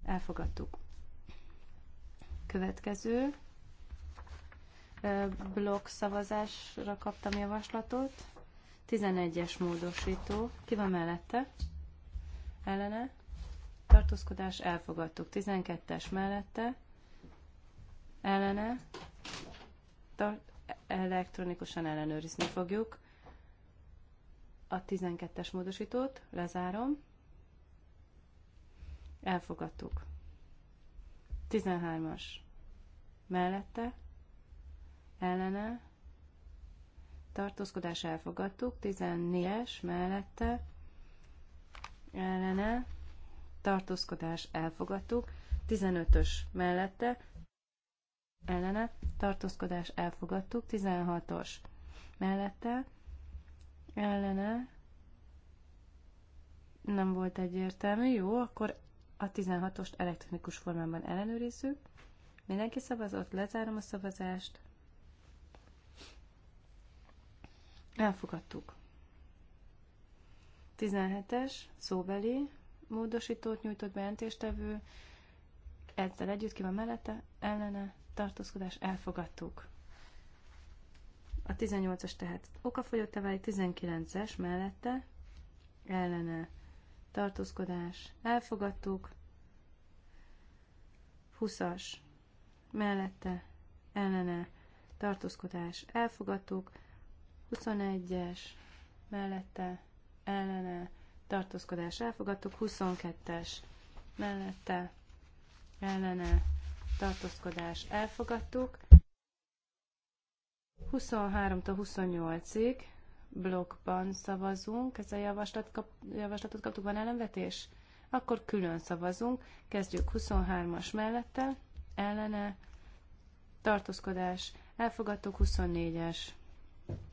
Elfogadtuk. Következő blokk szavazásra kaptam javaslatot. 11-es módosító. Ki van mellette? Ellene? Tartózkodás elfogadtuk. 12-es mellette? Ellene? Tar- elektronikusan ellenőrizni fogjuk. A 12-es módosítót lezárom. Elfogadtuk. 13-as. Mellette. Ellene. Tartózkodás elfogadtuk. 14-es. Mellette. Ellene. Tartózkodás elfogadtuk. 15-ös mellette ellene, tartózkodás elfogadtuk, 16-os mellette, ellene, nem volt egyértelmű, jó, akkor a 16-ost elektronikus formában ellenőrizzük. Mindenki szavazott, lezárom a szavazást. Elfogadtuk. 17-es, szóbeli, módosítót nyújtott bejelentéstevő, ezzel együtt ki van mellette, ellene, tartózkodás elfogadtuk. A 18-as tehát okafogyott a 19-es mellette ellene tartózkodás elfogadtuk, 20-as mellette ellene tartózkodás elfogadtuk, 21-es mellette ellene tartózkodás elfogadtuk, 22-es mellette ellene tartózkodás elfogadtuk. 23 28-ig blokkban szavazunk. Ez a javaslat kap, javaslatot kaptuk, van ellenvetés? Akkor külön szavazunk. Kezdjük 23-as mellette, ellene, tartózkodás, elfogadtuk 24-es,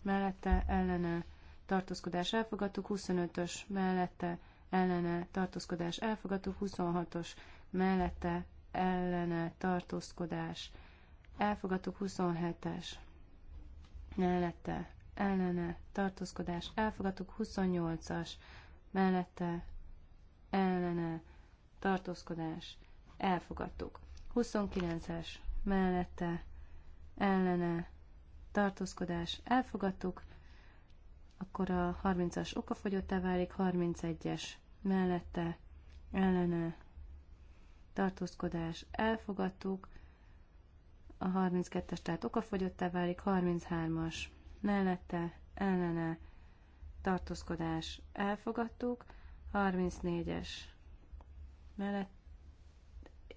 mellette, ellene, tartózkodás, elfogadtuk 25-ös, mellette, ellene, tartózkodás, elfogadtuk 26-os, mellette, ellene tartózkodás, elfogadtuk 27-es mellette ellene tartózkodás, elfogadtuk 28-as mellette ellene tartózkodás, elfogadtuk 29-es mellette ellene tartózkodás, elfogadtuk akkor a 30-as okafogyottá válik, 31-es mellette ellene tartózkodás elfogadtuk, a 32-es tehát okafogyottá válik, 33-as mellette ellene tartózkodás elfogadtuk, 34-es mellett,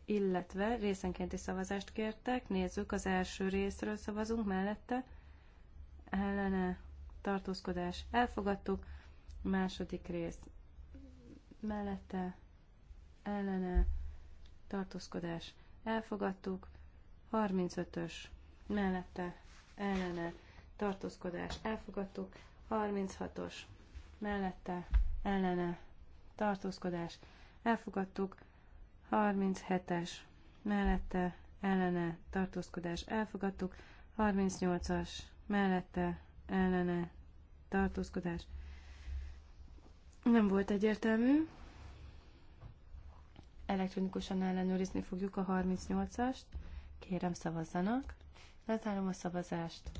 illetve részenkénti szavazást kértek, nézzük, az első részről szavazunk mellette, ellene tartózkodás elfogadtuk, második rész mellette ellene tartózkodás elfogadtuk, 35-ös mellette ellene tartózkodás elfogadtuk, 36-os mellette ellene tartózkodás elfogadtuk, 37-es mellette ellene tartózkodás elfogadtuk, 38-as mellette ellene tartózkodás nem volt egyértelmű, elektronikusan ellenőrizni fogjuk a 38-ast. Kérem szavazzanak. Lezárom a szavazást.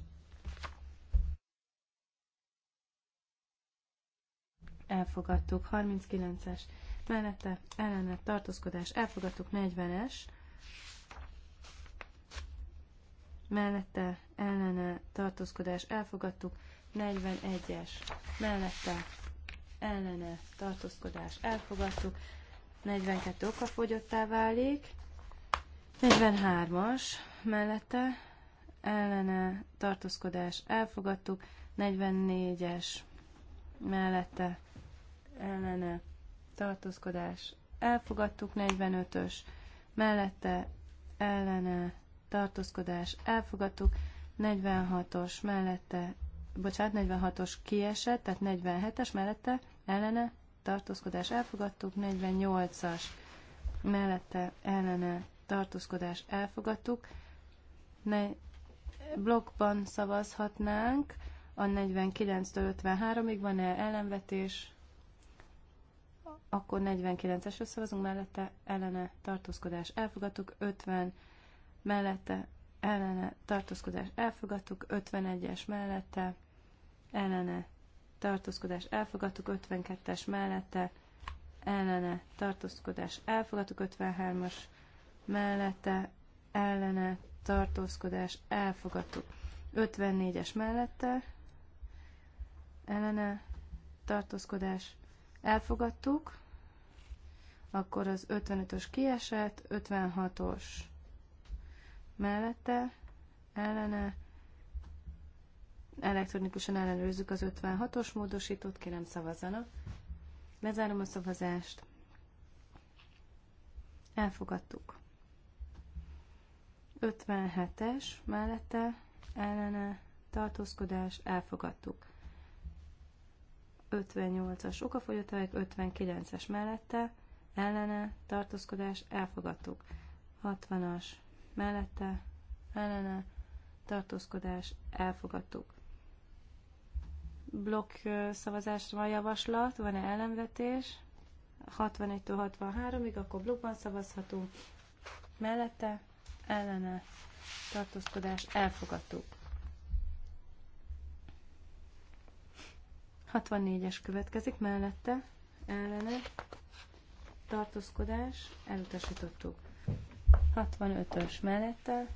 Elfogadtuk. 39-es. Mellette ellene tartózkodás. Elfogadtuk. 40-es. Mellette ellene tartózkodás. Elfogadtuk. 41-es. Mellette ellene tartózkodás. Elfogadtuk. 42 okafogyottá válik. 43-as mellette ellene tartózkodás elfogadtuk. 44-es mellette ellene tartózkodás elfogadtuk. 45-ös mellette ellene tartózkodás elfogadtuk. 46-os mellette, bocsánat, 46-os kiesett, tehát 47-es mellette ellene tartózkodás elfogadtuk, 48-as mellette ellene tartózkodás elfogadtuk. Ne, blokkban szavazhatnánk a 49-től 53-ig, van-e ellenvetés? Akkor 49-esre szavazunk, mellette ellene tartózkodás elfogadtuk, 50 mellette ellene tartózkodás elfogadtuk, 51-es mellette ellene tartózkodás elfogadtuk, 52-es mellette ellene tartózkodás elfogadtuk, 53-as mellette ellene tartózkodás elfogadtuk, 54-es mellette ellene tartózkodás elfogadtuk, akkor az 55-ös kiesett, 56-os mellette ellene elektronikusan ellenőrzzük az 56-os módosítót, kérem szavazzanak. Lezárom a szavazást. Elfogadtuk. 57-es mellette ellene tartózkodás, elfogadtuk. 58-as okafogyotáig, 59-es mellette ellene tartózkodás, elfogadtuk. 60-as mellette ellene tartózkodás, elfogadtuk blokk szavazásra van javaslat, van-e ellenvetés? 61 63-ig, akkor blokkban szavazhatunk. Mellette, ellene, tartózkodás, elfogadtuk. 64-es következik, mellette, ellene, tartózkodás, elutasítottuk. 65-ös mellette,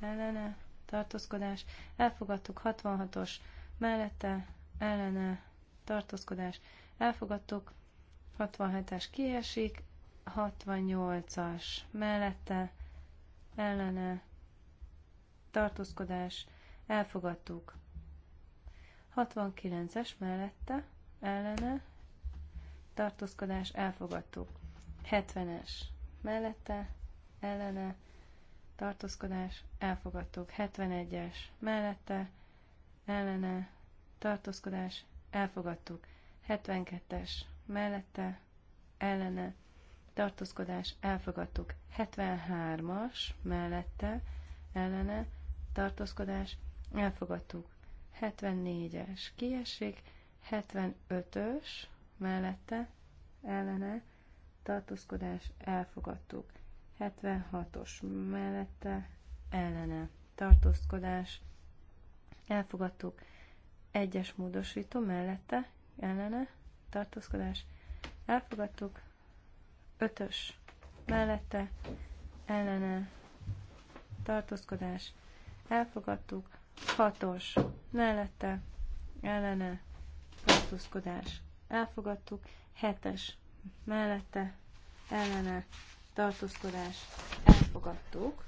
ellene, tartózkodás, elfogadtuk 66-os mellette ellene tartózkodás elfogadtuk, 67-es kiesik, 68-as mellette ellene tartózkodás elfogadtuk. 69-es mellette ellene tartózkodás elfogadtuk. 70-es mellette ellene tartózkodás elfogadtuk. 71-es mellette ellene, tartózkodás, elfogadtuk. 72-es mellette, ellene, tartózkodás, elfogadtuk. 73-as mellette, ellene, tartózkodás, elfogadtuk. 74-es kiesik, 75-ös mellette, ellene, tartózkodás, elfogadtuk. 76-os mellette, ellene, tartózkodás, elfogadtuk elfogadtuk. Egyes módosító mellette, ellene, tartózkodás, elfogadtuk. Ötös mellette, ellene, tartózkodás, elfogadtuk. Hatos mellette, ellene, tartózkodás, elfogadtuk. Hetes mellette, ellene, tartózkodás, elfogadtuk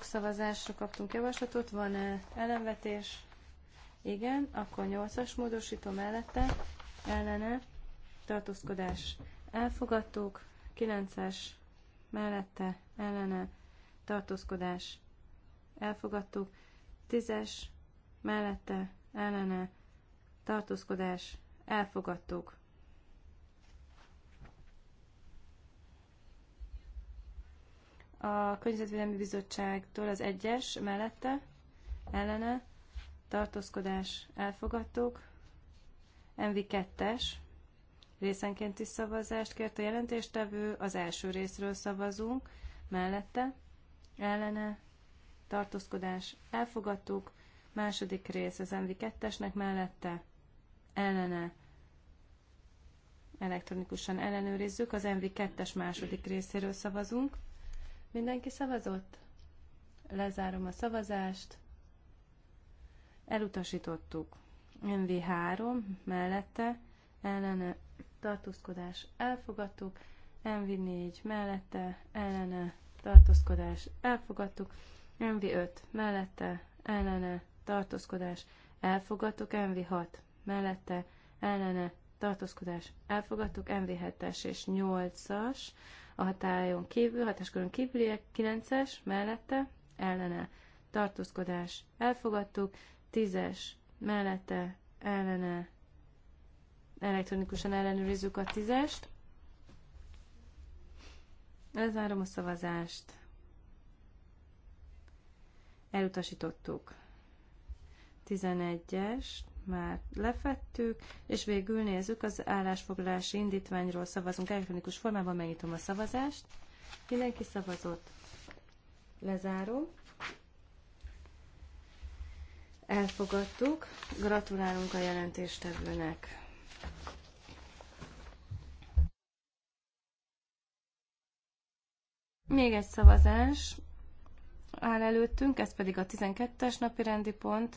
szavazásra kaptunk javaslatot, van -e ellenvetés? Igen, akkor 8-as módosító mellette ellene tartózkodás elfogadtuk, 9-es mellette ellene tartózkodás elfogadtuk, 10-es mellette ellene tartózkodás elfogadtuk. a Környezetvédelmi Bizottságtól az egyes mellette, ellene, tartózkodás elfogadtuk, MV2-es részenkénti szavazást kért a jelentéstevő, az első részről szavazunk, mellette, ellene, tartózkodás elfogadtuk, második rész az MV2-esnek mellette, ellene, elektronikusan ellenőrizzük, az MV2-es második részéről szavazunk, Mindenki szavazott? Lezárom a szavazást. Elutasítottuk. MV3 mellette ellene tartózkodás elfogadtuk. MV4 mellette ellene tartózkodás elfogadtuk. MV5 mellette ellene tartózkodás elfogadtuk. MV6 mellette ellene tartózkodás elfogadtuk. MV7-es és 8-as a hatályon kívül, hatáskörön kívüliek, 9-es, mellette, ellene, tartózkodás, elfogadtuk, 10-es, mellette, ellene, elektronikusan ellenőrizzük a 10-est, lezárom a szavazást, elutasítottuk, 11-est, már lefettük, és végül nézzük az állásfoglalási indítványról szavazunk elektronikus formában, megnyitom a szavazást. Mindenki szavazott. Lezárom. Elfogadtuk. Gratulálunk a jelentéstevőnek. Még egy szavazás áll előttünk, ez pedig a 12-es napi rendi pont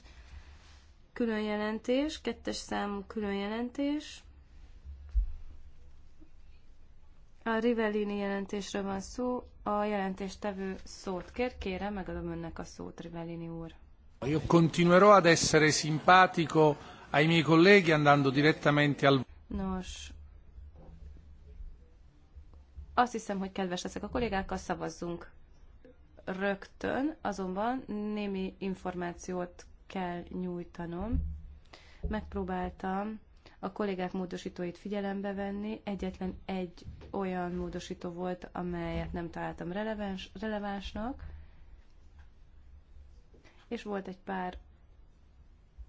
külön jelentés, kettes számú külön jelentés. A Rivellini jelentésről van szó, a jelentéstevő szót kér, kérem, megadom önnek a szót, Rivellini úr. Io continuerò ad essere simpatico ai miei colleghi andando direttamente al... Nos, azt hiszem, hogy kedves leszek a kollégákkal, szavazzunk rögtön, azonban némi információt kell nyújtanom. Megpróbáltam a kollégák módosítóit figyelembe venni, egyetlen egy olyan módosító volt, amelyet nem találtam releváns, relevánsnak, és volt egy pár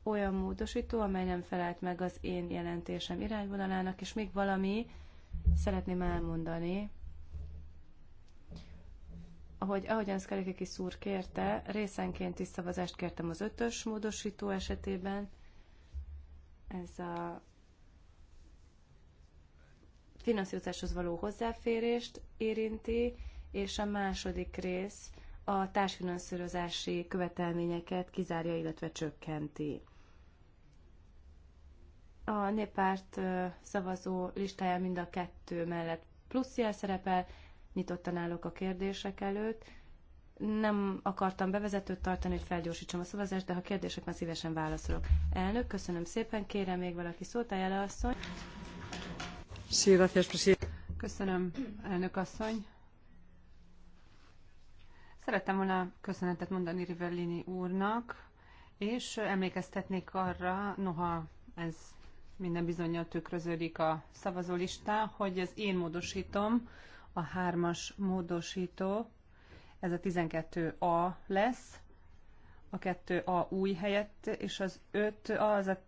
olyan módosító, amely nem felelt meg az én jelentésem irányvonalának, és még valami szeretném elmondani, ahogy, ahogyan Szkerekeki szúr kérte, is szavazást kértem az ötös módosító esetében. Ez a finanszírozáshoz való hozzáférést érinti, és a második rész a társfinanszírozási követelményeket kizárja, illetve csökkenti. A néppárt szavazó listáján mind a kettő mellett plusz jel szerepel, nyitottan állok a kérdések előtt. Nem akartam bevezetőt tartani, hogy felgyorsítsam a szavazást, de ha kérdések van szívesen válaszolok. Elnök, köszönöm szépen, kérem még valaki szót, a asszony. Köszönöm, elnök asszony. Szerettem volna köszönetet mondani Rivellini úrnak, és emlékeztetnék arra, noha ez minden bizonyal tükröződik a szavazólistán, hogy az én módosítom, a hármas módosító, ez a 12A lesz, a 2A új helyett, és az 5 az a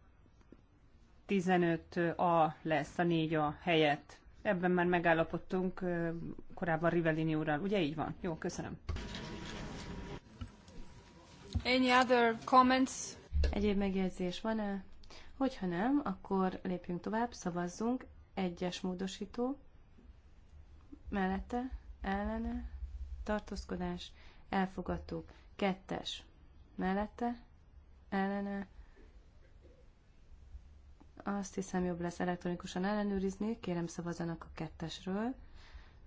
15A lesz, a 4A helyett. Ebben már megállapodtunk korábban Rivellini úrral, ugye így van? Jó, köszönöm. Any other comments? Egyéb megjegyzés van-e? Hogyha nem, akkor lépjünk tovább, szavazzunk. Egyes módosító mellette, ellene, tartózkodás, elfogadtuk. Kettes, mellette, ellene, azt hiszem jobb lesz elektronikusan ellenőrizni, kérem szavazanak a kettesről.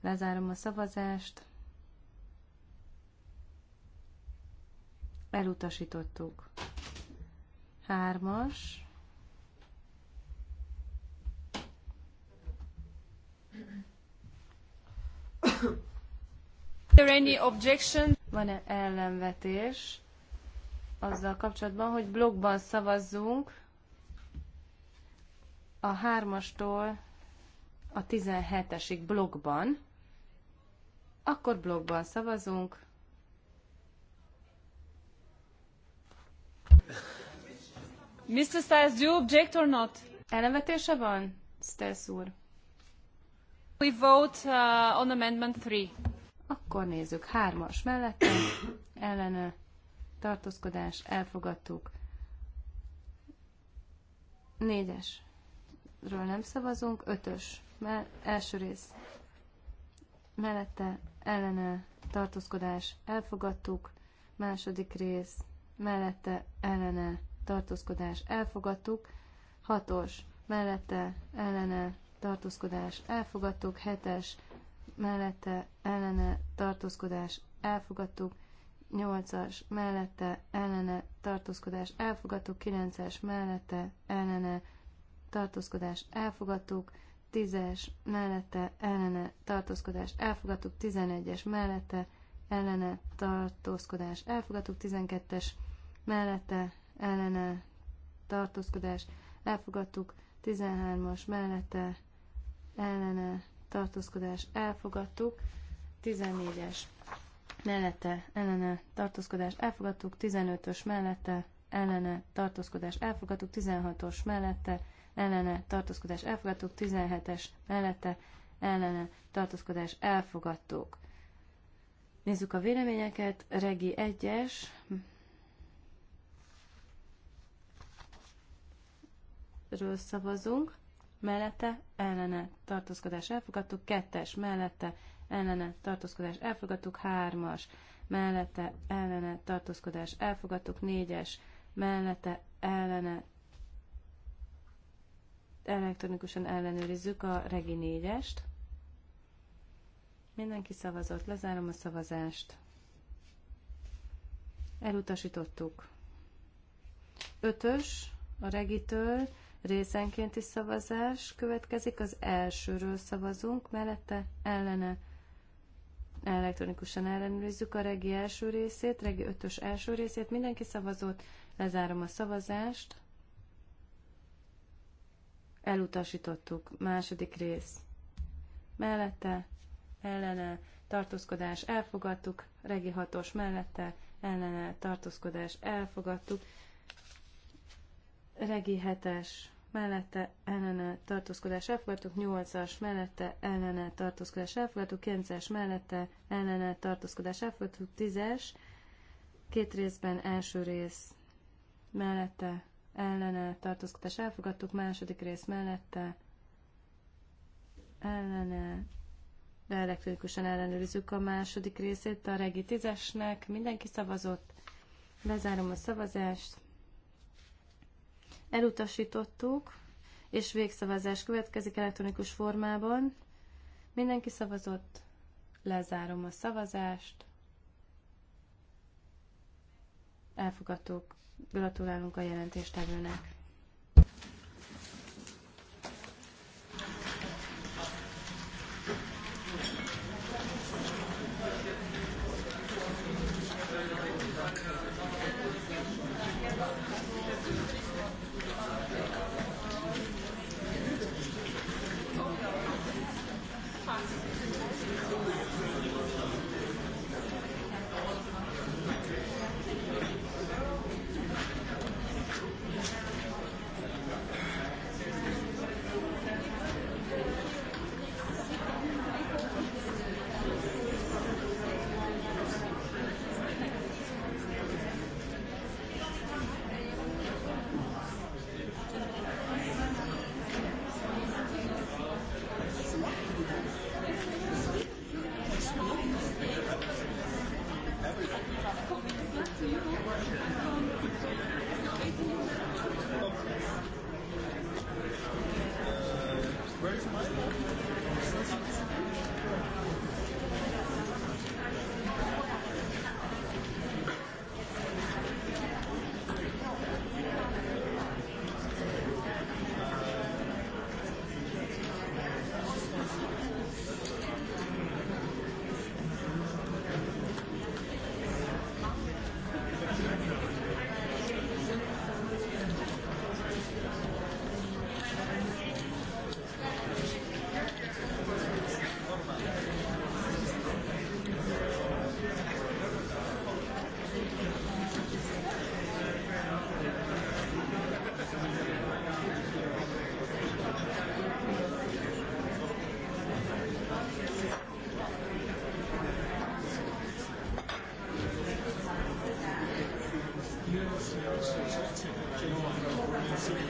Lezárom a szavazást. Elutasítottuk. Hármas, Van-e ellenvetés azzal kapcsolatban, hogy blogban szavazzunk a 3-astól a 17-esig blogban? Akkor blogban szavazunk. Mr. Stiles, do you object or not? Ellenvetése van, Stiles úr? We vote uh, on amendment 3. Akkor nézzük, hármas mellette, ellene, tartózkodás, elfogadtuk. Négyes. Ről nem szavazunk, ötös. Mell- első rész. Mellette, ellene, tartózkodás, elfogadtuk. Második rész. Mellette, ellene, tartózkodás, elfogadtuk. Hatos. Mellette, ellene, tartózkodás elfogadtuk, hetes mellette ellene tartózkodás elfogadtuk, nyolcas mellette ellene tartózkodás elfogadtuk, kilences mellette ellene tartózkodás elfogadtuk, tízes, mellette ellene tartózkodás elfogadtuk, tizenegyes mellette ellene tartózkodás elfogadtuk, tizenkettes mellette ellene tartózkodás elfogadtuk, 13-as mellette ellene tartózkodás elfogadtuk, 14-es mellette ellene tartózkodás elfogadtuk, 15-ös mellette ellene tartózkodás elfogadtuk, 16-os mellette ellene tartózkodás elfogadtuk, 17-es mellette ellene tartózkodás elfogadtuk. Nézzük a véleményeket. Regi 1-es. Ről szavazunk mellette ellene tartózkodás elfogadtuk, kettes mellette ellene tartózkodás elfogadtuk, hármas mellette ellene tartózkodás elfogadtuk, négyes mellette ellene elektronikusan ellenőrizzük a regi négyest. Mindenki szavazott, lezárom a szavazást. Elutasítottuk. Ötös a regitől Részenkénti szavazás következik, az elsőről szavazunk, mellette ellene elektronikusan ellenőrizzük a regi első részét, regi ötös első részét, mindenki szavazott, lezárom a szavazást, elutasítottuk, második rész, mellette, ellene, tartózkodás, elfogadtuk, regi hatos mellette, ellene, tartózkodás, elfogadtuk, regi 7-es mellette ellene tartózkodás elfogadtuk, 8-as mellette ellene tartózkodás elfogadtuk, 9-es mellette ellene tartózkodás elfogadtuk, 10-es, két részben első rész mellette ellene tartózkodás elfogadtuk, második rész mellette ellene de elektronikusan ellenőrizzük a második részét a regi tízesnek. Mindenki szavazott. Lezárom a szavazást. Elutasítottuk, és végszavazás következik elektronikus formában. Mindenki szavazott, lezárom a szavazást. Elfogadtuk, gratulálunk a jelentéstevőnek.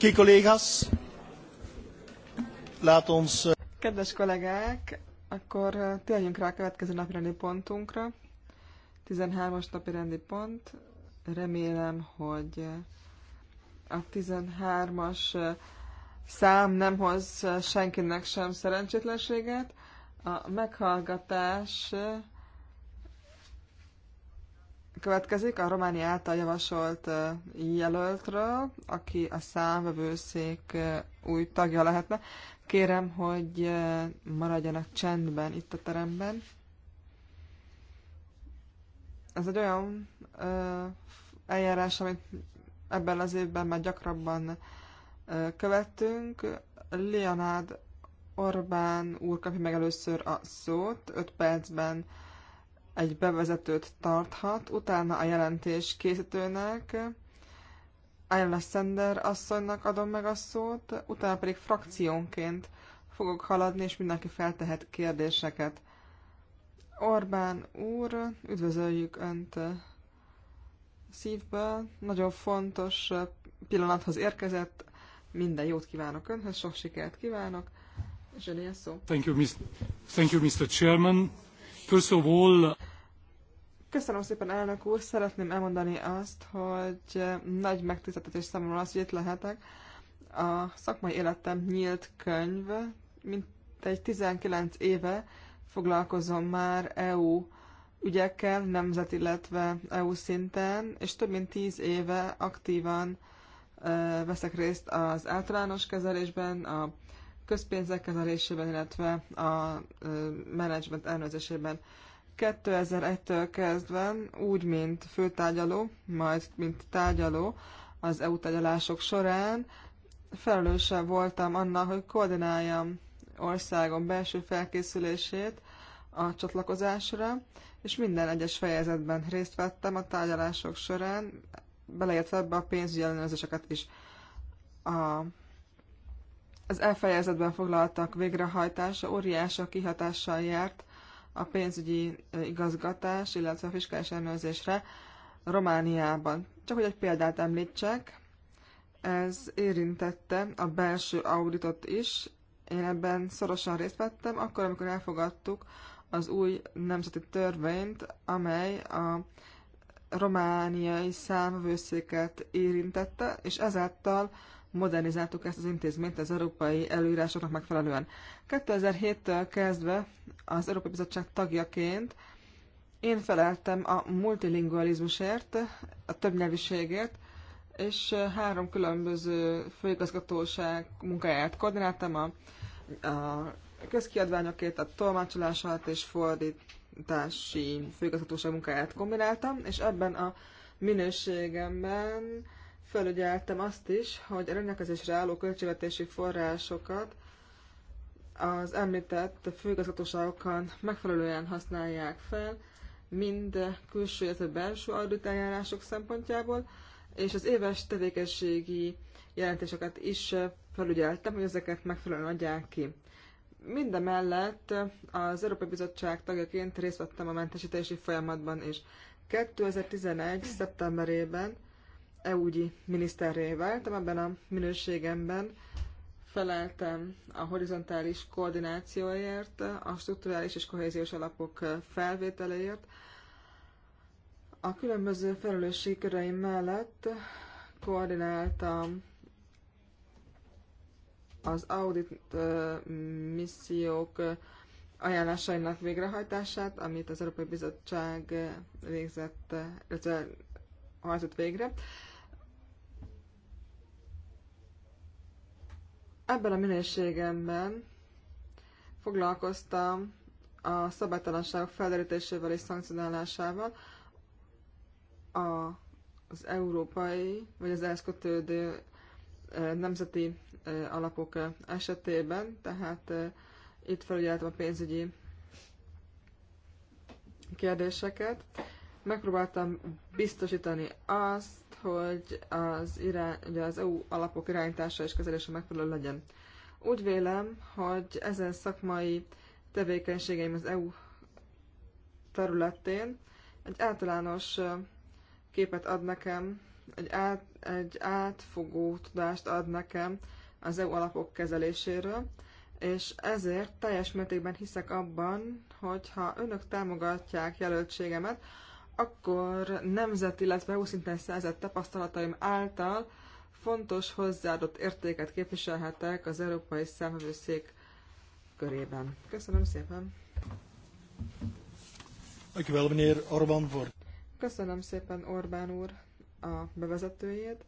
Eh, Kedves kollégák, akkor eh, térjünk rá a következő napirendi pontunkra. 13-as napirendi pont. Remélem, hogy eh, a 13-as szám nem hoz senkinek sem szerencsétlenséget. A meghallgatás Következik a Románia által javasolt jelöltről, aki a számvevőszék új tagja lehetne. Kérem, hogy maradjanak csendben itt a teremben. Ez egy olyan eljárás, amit ebben az évben már gyakrabban követtünk. Leonard Orbán úr kapja meg először a szót, 5 percben egy bevezetőt tarthat, utána a jelentés készítőnek, Ayala Sender asszonynak adom meg a szót, utána pedig frakciónként fogok haladni, és mindenki feltehet kérdéseket. Orbán úr, üdvözöljük Önt szívből. Nagyon fontos pillanathoz érkezett. Minden jót kívánok Önhöz, sok sikert kívánok. Zsöné szó. Thank you, Mr. Thank you, Mr. Chairman. First of all... Köszönöm szépen, elnök úr! Szeretném elmondani azt, hogy nagy megtiszteltetés számomra az, hogy itt lehetek. A szakmai életem nyílt könyv, mint egy 19 éve foglalkozom már EU ügyekkel, nemzet, illetve EU szinten, és több mint 10 éve aktívan veszek részt az általános kezelésben, a közpénzek kezelésében, illetve a menedzsment elnözésében. 2001-től kezdve úgy, mint főtárgyaló, majd mint tárgyaló az EU tárgyalások során felelőse voltam annak, hogy koordináljam országom belső felkészülését a csatlakozásra, és minden egyes fejezetben részt vettem a tárgyalások során, beleértve ebbe a pénzügyi ellenőrzéseket is. A, az elfejezetben foglaltak végrehajtása óriási kihatással járt a pénzügyi igazgatás, illetve a fiskális ellenőrzésre Romániában. Csak hogy egy példát említsek, ez érintette a belső auditot is. Én ebben szorosan részt vettem, akkor, amikor elfogadtuk az új nemzeti törvényt, amely a romániai számvőszéket érintette, és ezáltal modernizáltuk ezt az intézményt az európai előírásoknak megfelelően. 2007-től kezdve az Európai Bizottság tagjaként én feleltem a multilingualizmusért, a többnyelviségért, és három különböző főigazgatóság munkáját koordináltam, a, a közkiadványokért, a tolmácsolását és fordítási főigazgatóság munkáját kombináltam, és ebben a minőségemben felügyeltem azt is, hogy a rendelkezésre álló költségvetési forrásokat az említett főigazgatóságokon megfelelően használják fel, mind külső, illetve belső auditálások szempontjából, és az éves tevékenységi jelentéseket is felügyeltem, hogy ezeket megfelelően adják ki. Mindemellett az Európai Bizottság tagjaként részt vettem a mentesítési folyamatban is. 2011. szeptemberében EU-gyi miniszterré váltam, ebben a minőségemben feleltem a horizontális koordinációért, a strukturális és kohéziós alapok felvételéért. A különböző felelősségköreim mellett koordináltam az audit missziók ajánlásainak végrehajtását, amit az Európai Bizottság végzett, illetve hajtott végre. Ebben a minőségemben foglalkoztam a szabálytalanságok felderítésével és szankcionálásával a, az európai, vagy az ehhez kötődő nemzeti alapok esetében, tehát itt felügyeltem a pénzügyi kérdéseket. Megpróbáltam biztosítani azt, hogy az, irány, ugye az EU alapok irányítása és kezelése megfelelő legyen. Úgy vélem, hogy ezen szakmai tevékenységeim az EU területén egy általános képet ad nekem, egy, át, egy átfogó tudást ad nekem az EU alapok kezeléséről, és ezért teljes mértékben hiszek abban, hogy ha önök támogatják jelöltségemet, akkor nemzet, illetve EU szinten szerzett tapasztalataim által fontos hozzáadott értéket képviselhetek az Európai Számvevőszék körében. Köszönöm szépen! Köszönöm szépen Orbán úr a bevezetőjét.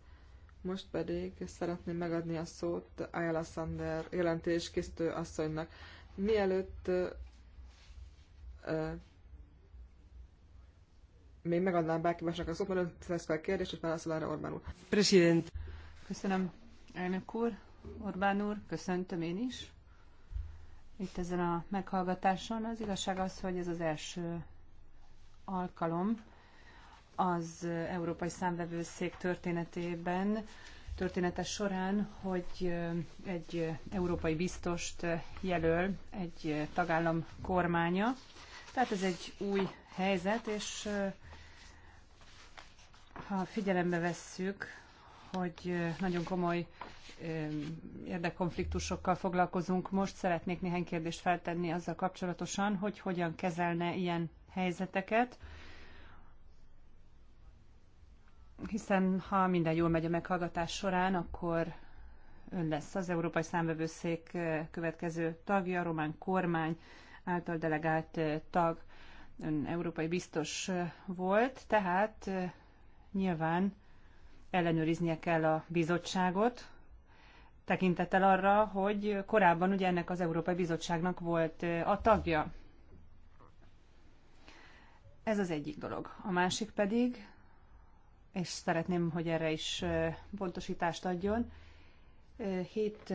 Most pedig szeretném megadni a szót Ayala Sander jelentés készítő asszonynak. Mielőtt még megadnám bárki másnak a szót, mert ön fel kérdés, és válaszol erre Orbán úr. President. Köszönöm, elnök úr, Orbán úr, köszöntöm én is. Itt ezen a meghallgatáson az igazság az, hogy ez az első alkalom az Európai Számvevőszék történetében, története során, hogy egy európai biztost jelöl egy tagállam kormánya. Tehát ez egy új helyzet, és ha figyelembe vesszük, hogy nagyon komoly érdekkonfliktusokkal foglalkozunk most, szeretnék néhány kérdést feltenni azzal kapcsolatosan, hogy hogyan kezelne ilyen helyzeteket hiszen ha minden jól megy a meghallgatás során, akkor ön lesz az Európai Számvevőszék következő tagja, a román kormány által delegált tag, ön európai biztos volt, tehát nyilván ellenőriznie kell a bizottságot, tekintettel arra, hogy korábban ugye ennek az Európai Bizottságnak volt a tagja. Ez az egyik dolog. A másik pedig, és szeretném, hogy erre is pontosítást adjon, hét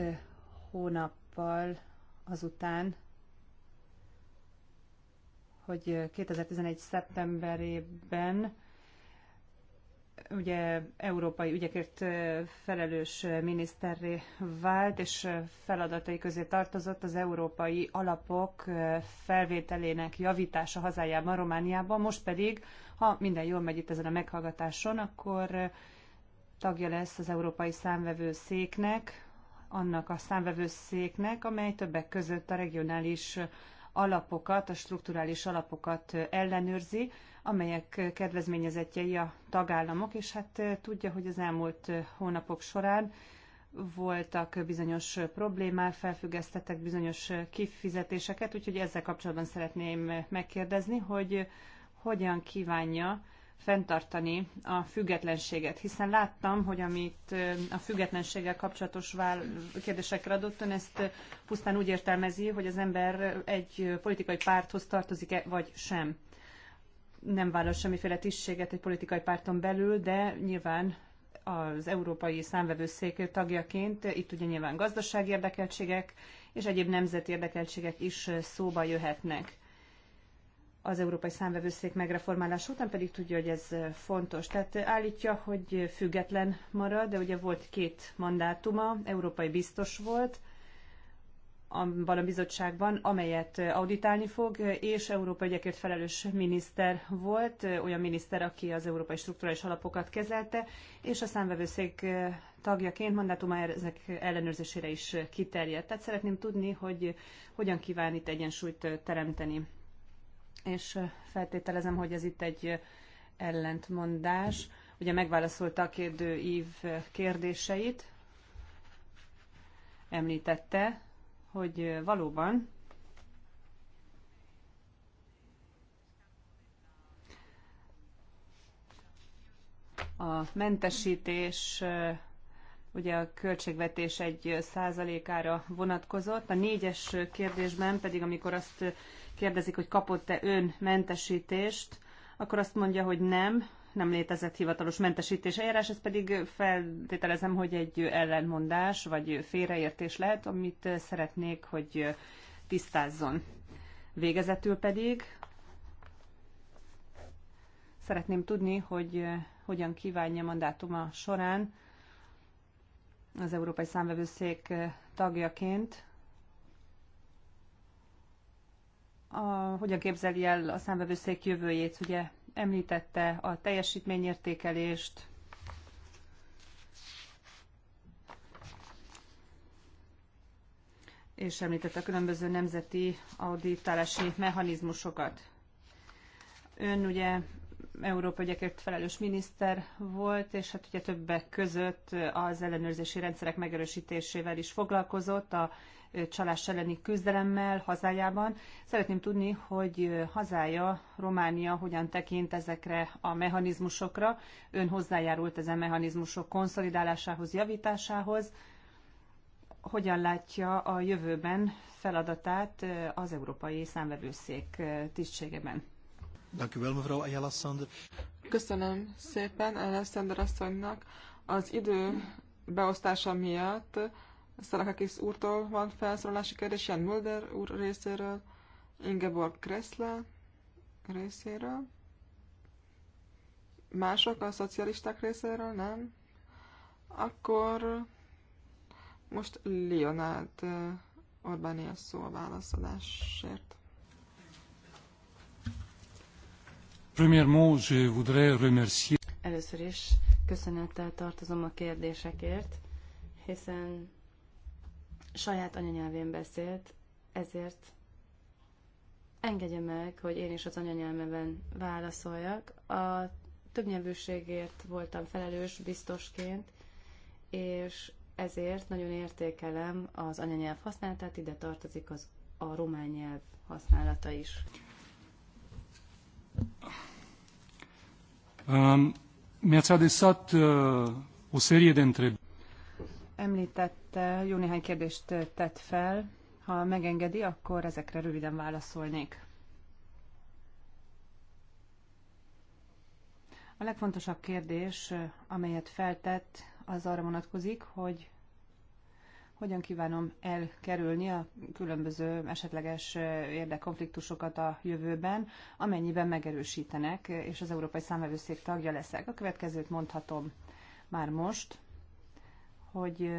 hónappal azután, hogy 2011. szeptemberében ugye európai ügyekért felelős miniszterré vált, és feladatai közé tartozott az európai alapok felvételének javítása hazájában, Romániában. Most pedig, ha minden jól megy itt ezen a meghallgatáson, akkor tagja lesz az Európai Számvevőszéknek, annak a számvevőszéknek, amely többek között a regionális alapokat, a strukturális alapokat ellenőrzi, amelyek kedvezményezetjei a tagállamok, és hát eh, tudja, hogy az elmúlt eh, hónapok során voltak bizonyos eh, problémák, felfüggesztettek bizonyos kifizetéseket, úgyhogy ezzel kapcsolatban szeretném megkérdezni, hogy hogyan kívánja fenntartani a függetlenséget, hiszen láttam, hogy amit a függetlenséggel kapcsolatos kérdésekre adott ön, ezt pusztán úgy értelmezi, hogy az ember egy politikai párthoz tartozik-e, vagy sem nem vállal semmiféle tisztséget egy politikai párton belül, de nyilván az Európai Számvevőszék tagjaként itt ugye nyilván gazdasági érdekeltségek és egyéb nemzeti érdekeltségek is szóba jöhetnek az Európai Számvevőszék megreformálása után pedig tudja, hogy ez fontos. Tehát állítja, hogy független marad, de ugye volt két mandátuma, európai biztos volt, abban a bizottságban, amelyet auditálni fog, és Európa ügyekért felelős miniszter volt, olyan miniszter, aki az európai struktúrális alapokat kezelte, és a számvevőszék tagjaként mandátumája ezek ellenőrzésére is kiterjedt. Tehát szeretném tudni, hogy hogyan kíván itt egyensúlyt teremteni. És feltételezem, hogy ez itt egy ellentmondás. Ugye megválaszolta a kérdő ív kérdéseit, említette, hogy valóban a mentesítés ugye a költségvetés egy százalékára vonatkozott. A négyes kérdésben pedig, amikor azt kérdezik, hogy kapott-e ön mentesítést, akkor azt mondja, hogy nem, nem létezett hivatalos mentesítés eljárás, ez pedig feltételezem, hogy egy ellenmondás vagy félreértés lehet, amit szeretnék, hogy tisztázzon. Végezetül pedig szeretném tudni, hogy hogyan kívánja mandátuma során az Európai Számvevőszék tagjaként, a, hogyan képzeli el a számvevőszék jövőjét, ugye említette a teljesítményértékelést, és említette a különböző nemzeti auditálási mechanizmusokat. Ön ugye Európa ügyekért felelős miniszter volt, és hát ugye többek között az ellenőrzési rendszerek megerősítésével is foglalkozott, a csalás elleni küzdelemmel hazájában. Szeretném tudni, hogy hazája, Románia hogyan tekint ezekre a mechanizmusokra. Ön hozzájárult ezen mechanizmusok konszolidálásához, javításához. Hogyan látja a jövőben feladatát az Európai Számvevőszék tisztségeben? Köszönöm szépen Alessandra asszonynak. Az idő beosztása miatt Szarakakis úrtól van felszólalási kérdés, Jan Mulder úr részéről, Ingeborg Kressle részéről. Mások a szocialisták részéről, nem? Akkor most Leonard eh, Orbáné a szó a válaszadásért. Először is köszönettel tartozom a kérdésekért, hiszen saját anyanyelvén beszélt, ezért engedje meg, hogy én is az anyanyelmeben válaszoljak. A többnyelvűségért voltam felelős biztosként, és ezért nagyon értékelem az anyanyelv használatát, ide tartozik az a román nyelv használata is. Um, mi a szat uh, o serie de említette, jó néhány kérdést tett fel. Ha megengedi, akkor ezekre röviden válaszolnék. A legfontosabb kérdés, amelyet feltett, az arra vonatkozik, hogy hogyan kívánom elkerülni a különböző esetleges érdekkonfliktusokat a jövőben, amennyiben megerősítenek, és az Európai Számvevőszék tagja leszek. A következőt mondhatom már most hogy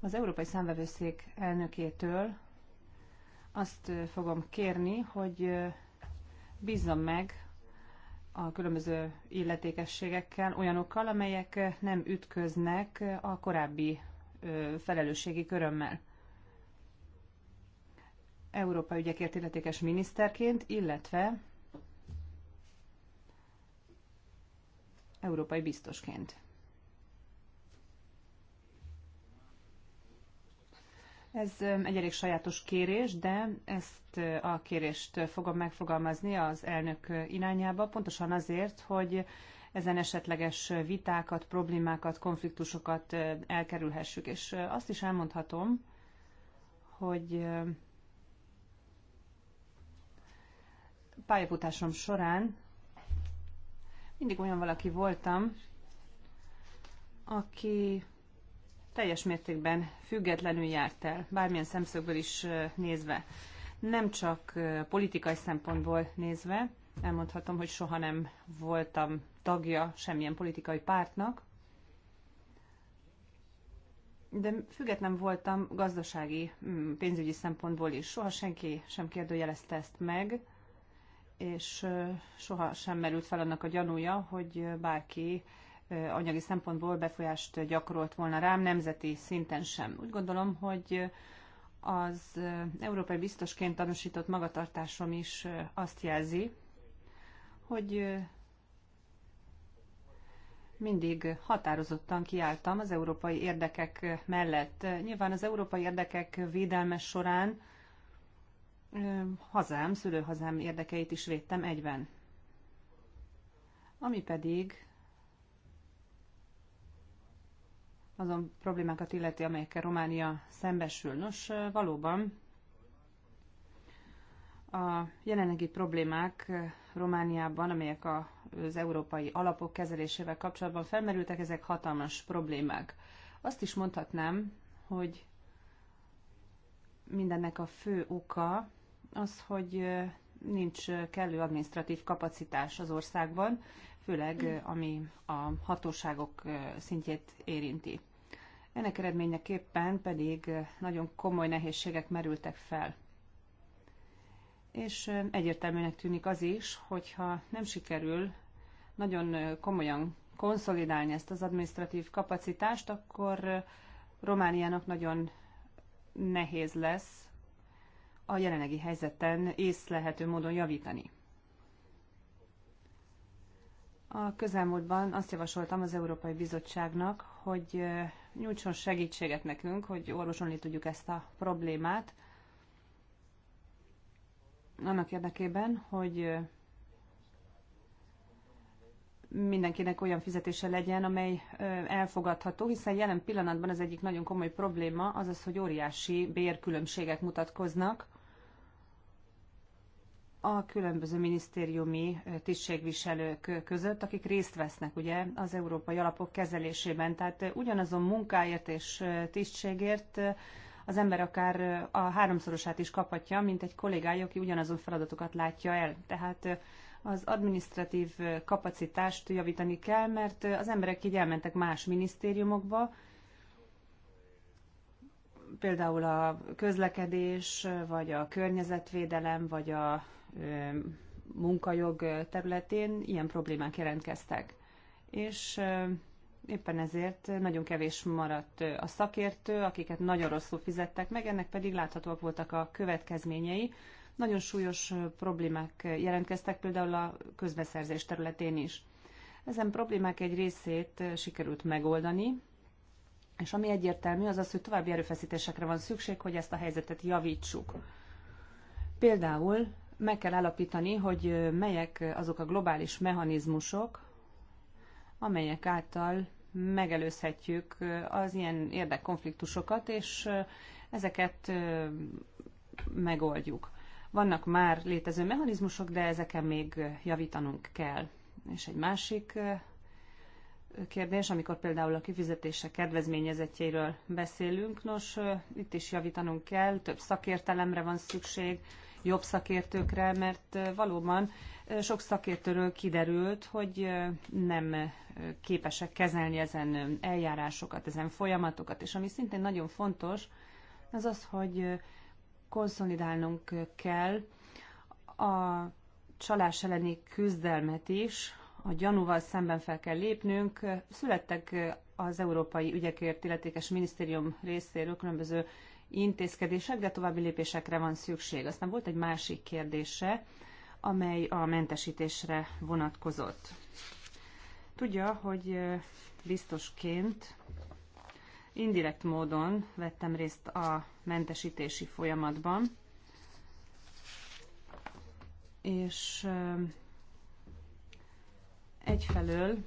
az Európai Számvevőszék elnökétől azt fogom kérni, hogy bízzam meg a különböző illetékességekkel, olyanokkal, amelyek nem ütköznek a korábbi felelősségi körömmel. Európa ügyekért illetékes miniszterként, illetve európai biztosként. Ez egy elég sajátos kérés, de ezt a kérést fogom megfogalmazni az elnök irányába, pontosan azért, hogy ezen esetleges vitákat, problémákat, konfliktusokat elkerülhessük. És azt is elmondhatom, hogy pályafutásom során mindig olyan valaki voltam, aki teljes mértékben függetlenül járt el, bármilyen szemszögből is nézve. Nem csak politikai szempontból nézve, elmondhatom, hogy soha nem voltam tagja semmilyen politikai pártnak, de független voltam gazdasági, mm, pénzügyi szempontból is. Soha senki sem kérdőjelezte ezt meg és soha sem merült fel annak a gyanúja, hogy bárki anyagi szempontból befolyást gyakorolt volna rám, nemzeti szinten sem. Úgy gondolom, hogy az európai biztosként tanúsított magatartásom is azt jelzi, hogy mindig határozottan kiálltam az európai érdekek mellett. Nyilván az európai érdekek védelme során hazám, szülőhazám érdekeit is védtem egyben. Ami pedig azon problémákat illeti, amelyekkel Románia szembesül. Nos, valóban a jelenlegi problémák Romániában, amelyek az európai alapok kezelésével kapcsolatban felmerültek, ezek hatalmas problémák. Azt is mondhatnám, hogy mindennek a fő oka az, hogy nincs kellő administratív kapacitás az országban, főleg ami a hatóságok szintjét érinti. Ennek eredményeképpen pedig nagyon komoly nehézségek merültek fel. És egyértelműnek tűnik az is, hogyha nem sikerül nagyon komolyan konszolidálni ezt az administratív kapacitást, akkor Romániának nagyon nehéz lesz a jelenlegi helyzeten észlehető módon javítani. A közelmúltban azt javasoltam az Európai Bizottságnak, hogy nyújtson segítséget nekünk, hogy orvosolni tudjuk ezt a problémát, annak érdekében, hogy mindenkinek olyan fizetése legyen, amely elfogadható, hiszen jelen pillanatban az egyik nagyon komoly probléma az az, hogy óriási bérkülönbségek mutatkoznak a különböző minisztériumi tisztségviselők között, akik részt vesznek ugye az európai alapok kezelésében. Tehát ugyanazon munkáért és tisztségért az ember akár a háromszorosát is kaphatja, mint egy kollégája, aki ugyanazon feladatokat látja el. Tehát az administratív kapacitást javítani kell, mert az emberek így elmentek más minisztériumokba, például a közlekedés, vagy a környezetvédelem, vagy a munkajog területén ilyen problémák jelentkeztek. És éppen ezért nagyon kevés maradt a szakértő, akiket nagyon rosszul fizettek meg, ennek pedig láthatóak voltak a következményei. Nagyon súlyos problémák jelentkeztek például a közbeszerzés területén is. Ezen problémák egy részét sikerült megoldani, és ami egyértelmű, az az, hogy további erőfeszítésekre van szükség, hogy ezt a helyzetet javítsuk. Például meg kell állapítani, hogy melyek azok a globális mechanizmusok, amelyek által megelőzhetjük az ilyen érdekkonfliktusokat, és ezeket megoldjuk. Vannak már létező mechanizmusok, de ezeken még javítanunk kell. És egy másik kérdés, amikor például a kifizetése kedvezményezetjeiről beszélünk, nos, itt is javítanunk kell, több szakértelemre van szükség, jobb szakértőkre, mert valóban sok szakértőről kiderült, hogy nem képesek kezelni ezen eljárásokat, ezen folyamatokat, és ami szintén nagyon fontos, az az, hogy konszolidálnunk kell a csalás elleni küzdelmet is, a gyanúval szemben fel kell lépnünk. Születtek az Európai Ügyekért Illetékes Minisztérium részéről különböző intézkedések, de további lépésekre van szükség. Aztán volt egy másik kérdése, amely a mentesítésre vonatkozott. Tudja, hogy biztosként indirekt módon vettem részt a mentesítési folyamatban, és egyfelől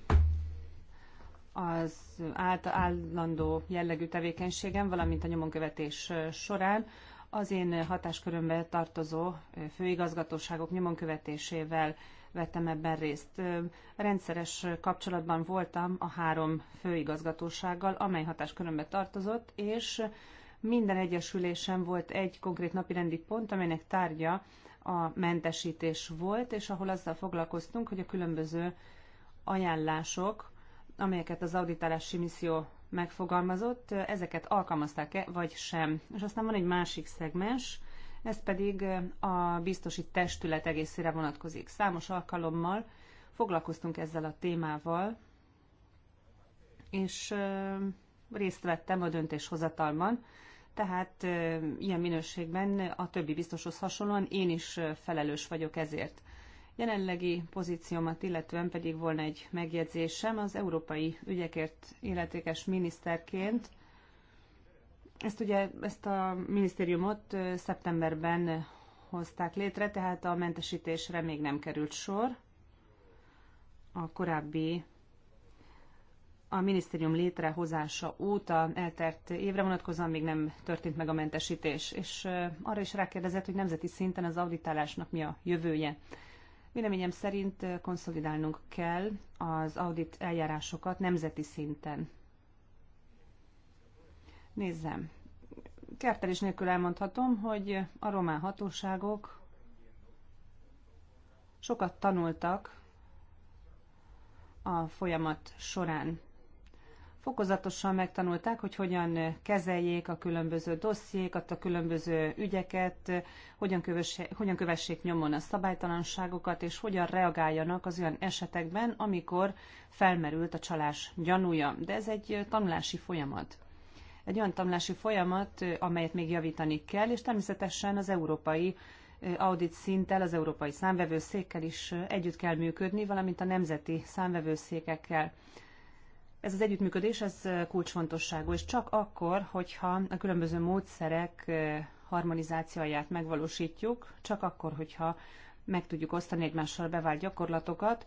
az állt, állandó jellegű tevékenységem, valamint a nyomonkövetés során az én hatáskörömbe tartozó főigazgatóságok nyomonkövetésével vettem ebben részt. Rendszeres kapcsolatban voltam a három főigazgatósággal, amely hatáskörömbe tartozott, és minden egyesülésem volt egy konkrét napirendi pont, amelynek tárgya a mentesítés volt, és ahol azzal foglalkoztunk, hogy a különböző ajánlások, amelyeket az auditálási misszió megfogalmazott, ezeket alkalmazták-e, vagy sem. És aztán van egy másik szegmens, ez pedig a biztosi testület egészére vonatkozik. Számos alkalommal foglalkoztunk ezzel a témával, és részt vettem a döntéshozatalban, tehát ilyen minőségben a többi biztoshoz hasonlóan én is felelős vagyok ezért. Jelenlegi pozíciómat illetően pedig volna egy megjegyzésem az európai ügyekért illetékes miniszterként. Ezt ugye, ezt a minisztériumot szeptemberben hozták létre, tehát a mentesítésre még nem került sor. A korábbi a minisztérium létrehozása óta eltert évre vonatkozóan még nem történt meg a mentesítés, és arra is rákérdezett, hogy nemzeti szinten az auditálásnak mi a jövője. Véleményem szerint konszolidálnunk kell az audit eljárásokat nemzeti szinten. Nézzem. Kertelés nélkül elmondhatom, hogy a román hatóságok sokat tanultak a folyamat során fokozatosan megtanulták, hogy hogyan kezeljék a különböző dossziékat, a különböző ügyeket, hogyan, kövesse, hogyan kövessék nyomon a szabálytalanságokat, és hogyan reagáljanak az olyan esetekben, amikor felmerült a csalás gyanúja. De ez egy tanulási folyamat. Egy olyan tanulási folyamat, amelyet még javítani kell, és természetesen az európai audit szinttel, az európai számvevőszékkel is együtt kell működni, valamint a nemzeti számvevőszékekkel. Ez az együttműködés, ez kulcsfontosságú, és csak akkor, hogyha a különböző módszerek harmonizációját megvalósítjuk, csak akkor, hogyha meg tudjuk osztani egymással bevált gyakorlatokat,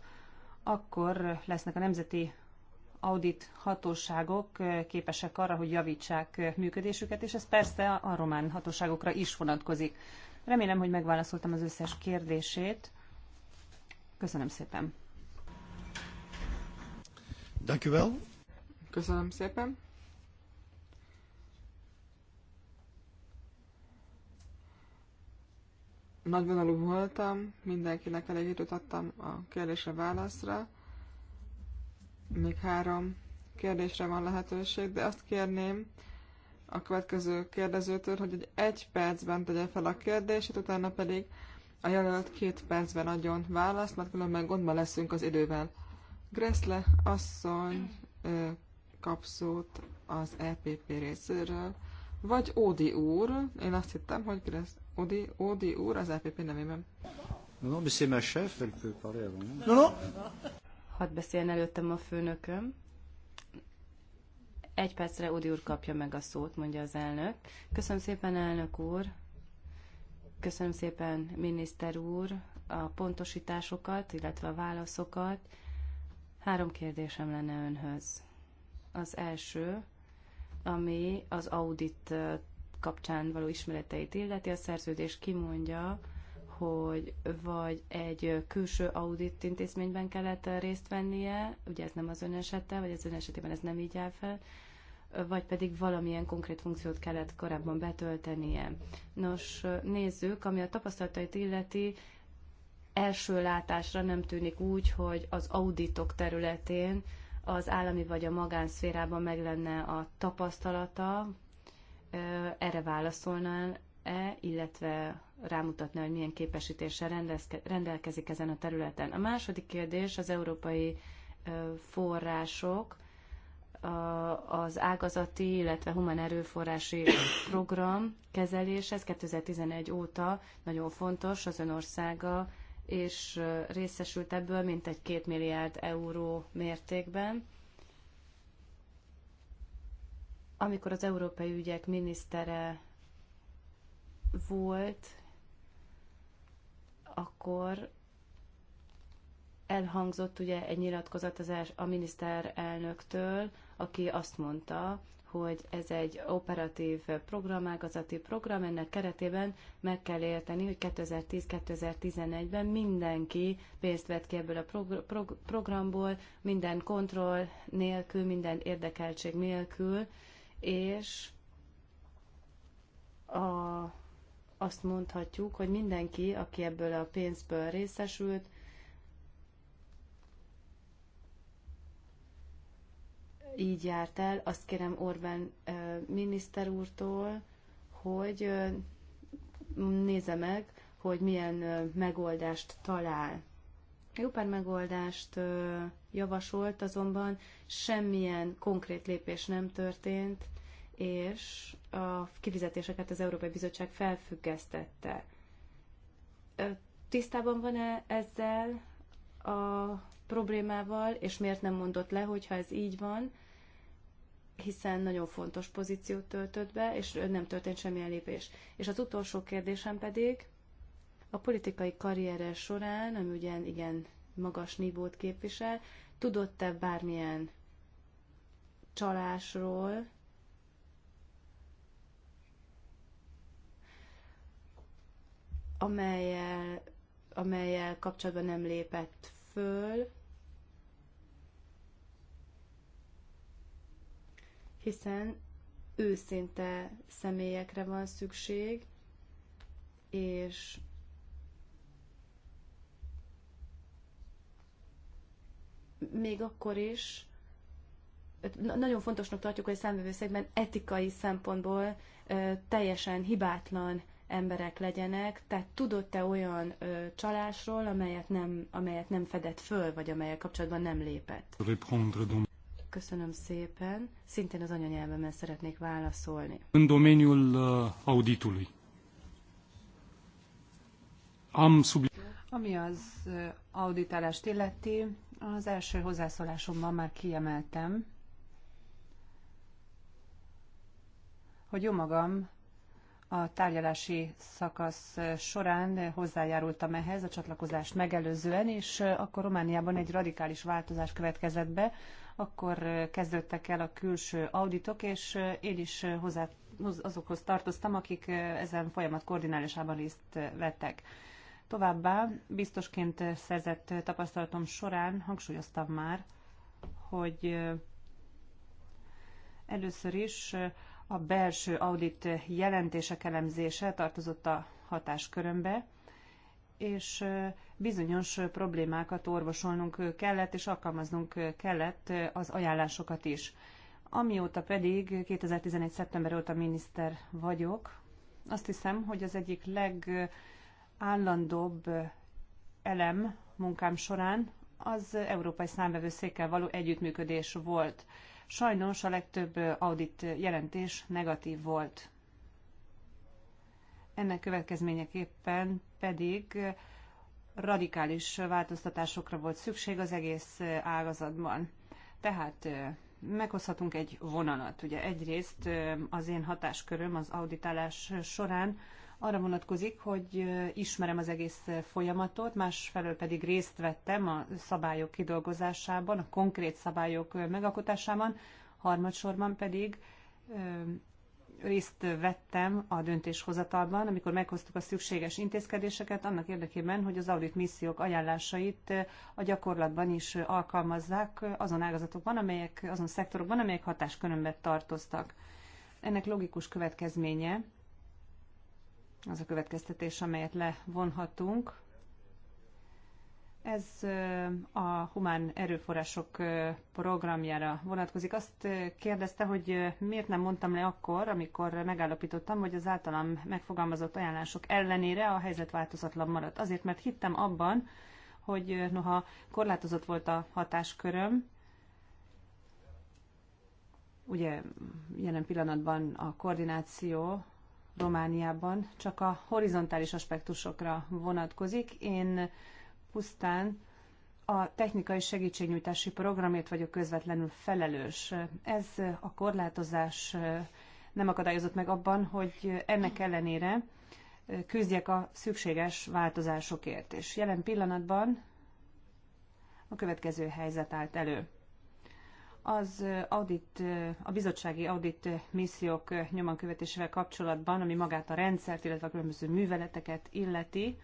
akkor lesznek a nemzeti audit hatóságok képesek arra, hogy javítsák működésüket, és ez persze a román hatóságokra is vonatkozik. Remélem, hogy megválaszoltam az összes kérdését. Köszönöm szépen. Dank u Köszönöm szépen. Nagyvonalú voltam, mindenkinek elég időt adtam a kérdésre válaszra. Még három kérdésre van lehetőség, de azt kérném a következő kérdezőtől, hogy egy percben tegye fel a kérdését, utána pedig a jelölt két percben adjon választ, mert különben gondban leszünk az idővel. Greszle, asszony kap az EPP részéről, vagy Ódi úr, én azt hittem, hogy ki lesz Ódi, Ódi úr az EPP nevében. No, no, No, c'est ma chef, elle peut Hadd beszéljen előttem a főnököm. Egy percre Ódi úr kapja meg a szót, mondja az elnök. Köszönöm szépen, elnök úr. Köszönöm szépen, miniszter úr, a pontosításokat, illetve a válaszokat. Három kérdésem lenne önhöz. Az első, ami az audit kapcsán való ismereteit illeti, a szerződés kimondja, hogy vagy egy külső audit intézményben kellett részt vennie, ugye ez nem az ön esete, vagy az ön esetében ez nem így áll fel, vagy pedig valamilyen konkrét funkciót kellett korábban betöltenie. Nos, nézzük, ami a tapasztalatait illeti, első látásra nem tűnik úgy, hogy az auditok területén az állami vagy a magánszférában meg lenne a tapasztalata, erre válaszolnál-e, illetve rámutatna, hogy milyen képesítéssel rendelkezik ezen a területen. A második kérdés az európai források, az ágazati, illetve human erőforrási program kezelése, ez 2011 óta nagyon fontos az ön országa és részesült ebből mintegy két milliárd euró mértékben. Amikor az európai ügyek minisztere volt, akkor elhangzott ugye egy nyilatkozat az a miniszterelnöktől, aki azt mondta, hogy ez egy operatív program, ágazati program, ennek keretében meg kell érteni, hogy 2010-2011-ben mindenki pénzt vett ki ebből a prog- prog- programból, minden kontroll nélkül, minden érdekeltség nélkül, és a, azt mondhatjuk, hogy mindenki, aki ebből a pénzből részesült, így járt el. Azt kérem Orbán miniszter úrtól, hogy nézze meg, hogy milyen megoldást talál. Jó pár megoldást javasolt, azonban semmilyen konkrét lépés nem történt, és a kifizetéseket az Európai Bizottság felfüggesztette. Tisztában van-e ezzel a problémával, és miért nem mondott le, hogyha ez így van, hiszen nagyon fontos pozíciót töltött be, és nem történt semmilyen lépés. És az utolsó kérdésem pedig, a politikai karriere során, ami ugye igen magas nívót képvisel, tudott-e bármilyen csalásról, amelyel, amelyel kapcsolatban nem lépett föl, hiszen őszinte személyekre van szükség, és még akkor is nagyon fontosnak tartjuk, hogy a etikai szempontból teljesen hibátlan emberek legyenek, tehát tudott-e olyan ö, csalásról, amelyet nem, amelyet nem fedett föl, vagy amelyek kapcsolatban nem lépett? Köszönöm szépen. Szintén az anyanyelvemen szeretnék válaszolni. În domeniul uh, auditului. Am sub... Ami az uh, auditálást illeti, az első hozzászólásomban már kiemeltem, hogy jó magam a tárgyalási szakasz uh, során hozzájárultam ehhez a csatlakozást megelőzően, és akkor Romániában egy radikális változás következett be, akkor kezdődtek el a külső auditok, és én is hozzá, azokhoz tartoztam, akik ezen folyamat koordinálásában részt vettek. Továbbá biztosként szerzett tapasztalatom során hangsúlyoztam már, hogy először is a belső audit jelentések elemzése tartozott a hatáskörömbe, és bizonyos problémákat orvosolnunk kellett, és alkalmaznunk kellett az ajánlásokat is. Amióta pedig 2011. szeptember óta miniszter vagyok, azt hiszem, hogy az egyik legállandóbb elem munkám során az Európai Számvevőszékkel való együttműködés volt. Sajnos a legtöbb audit jelentés negatív volt. Ennek következményeképpen pedig radikális változtatásokra volt szükség az egész ágazatban. Tehát meghozhatunk egy vonalat. Ugye egyrészt az én hatásköröm az auditálás során arra vonatkozik, hogy ismerem az egész folyamatot, másfelől pedig részt vettem a szabályok kidolgozásában, a konkrét szabályok megalkotásában, harmadsorban pedig részt vettem a döntéshozatalban, amikor meghoztuk a szükséges intézkedéseket annak érdekében, hogy az audit missziók ajánlásait a gyakorlatban is alkalmazzák azon ágazatokban, amelyek, azon szektorokban, amelyek hatáskörömbe tartoztak. Ennek logikus következménye, az a következtetés, amelyet levonhatunk, ez a humán erőforrások programjára vonatkozik. Azt kérdezte, hogy miért nem mondtam le akkor, amikor megállapítottam, hogy az általam megfogalmazott ajánlások ellenére a helyzet változatlan maradt. Azért, mert hittem abban, hogy noha korlátozott volt a hatásköröm, ugye jelen pillanatban a koordináció Romániában csak a horizontális aspektusokra vonatkozik. Én pusztán a technikai segítségnyújtási programért vagyok közvetlenül felelős. Ez a korlátozás nem akadályozott meg abban, hogy ennek ellenére küzdjek a szükséges változásokért. És jelen pillanatban a következő helyzet állt elő. Az audit, a bizottsági audit missziók nyomankövetésével kapcsolatban, ami magát a rendszert, illetve a különböző műveleteket illeti,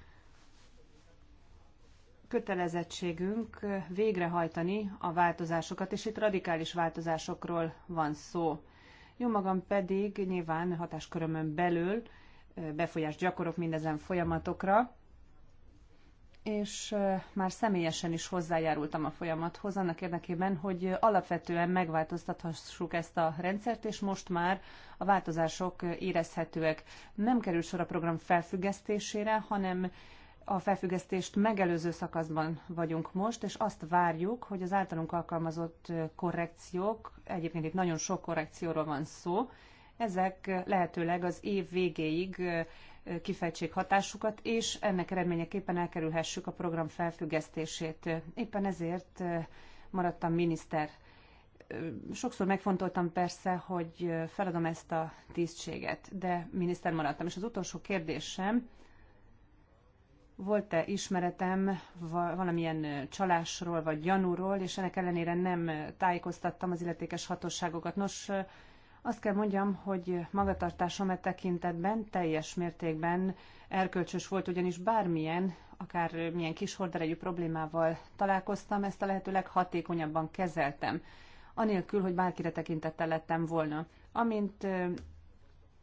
kötelezettségünk végrehajtani a változásokat, és itt radikális változásokról van szó. Jó magam pedig nyilván hatáskörömön belül befolyást gyakorok mindezen folyamatokra, és már személyesen is hozzájárultam a folyamathoz annak érdekében, hogy alapvetően megváltoztathassuk ezt a rendszert, és most már a változások érezhetőek. Nem kerül sor a program felfüggesztésére, hanem a felfüggesztést megelőző szakaszban vagyunk most, és azt várjuk, hogy az általunk alkalmazott korrekciók, egyébként itt nagyon sok korrekcióról van szó, ezek lehetőleg az év végéig kifejtsék hatásukat, és ennek eredményeképpen elkerülhessük a program felfüggesztését. Éppen ezért maradtam miniszter. Sokszor megfontoltam persze, hogy feladom ezt a tisztséget, de miniszter maradtam. És az utolsó kérdésem, volt-e ismeretem valamilyen csalásról vagy gyanúról, és ennek ellenére nem tájékoztattam az illetékes hatóságokat. Nos, azt kell mondjam, hogy magatartásom e tekintetben teljes mértékben erkölcsös volt, ugyanis bármilyen, akár milyen kis horderejű problémával találkoztam, ezt a lehető leghatékonyabban kezeltem, anélkül, hogy bárkire tekintettel lettem volna. Amint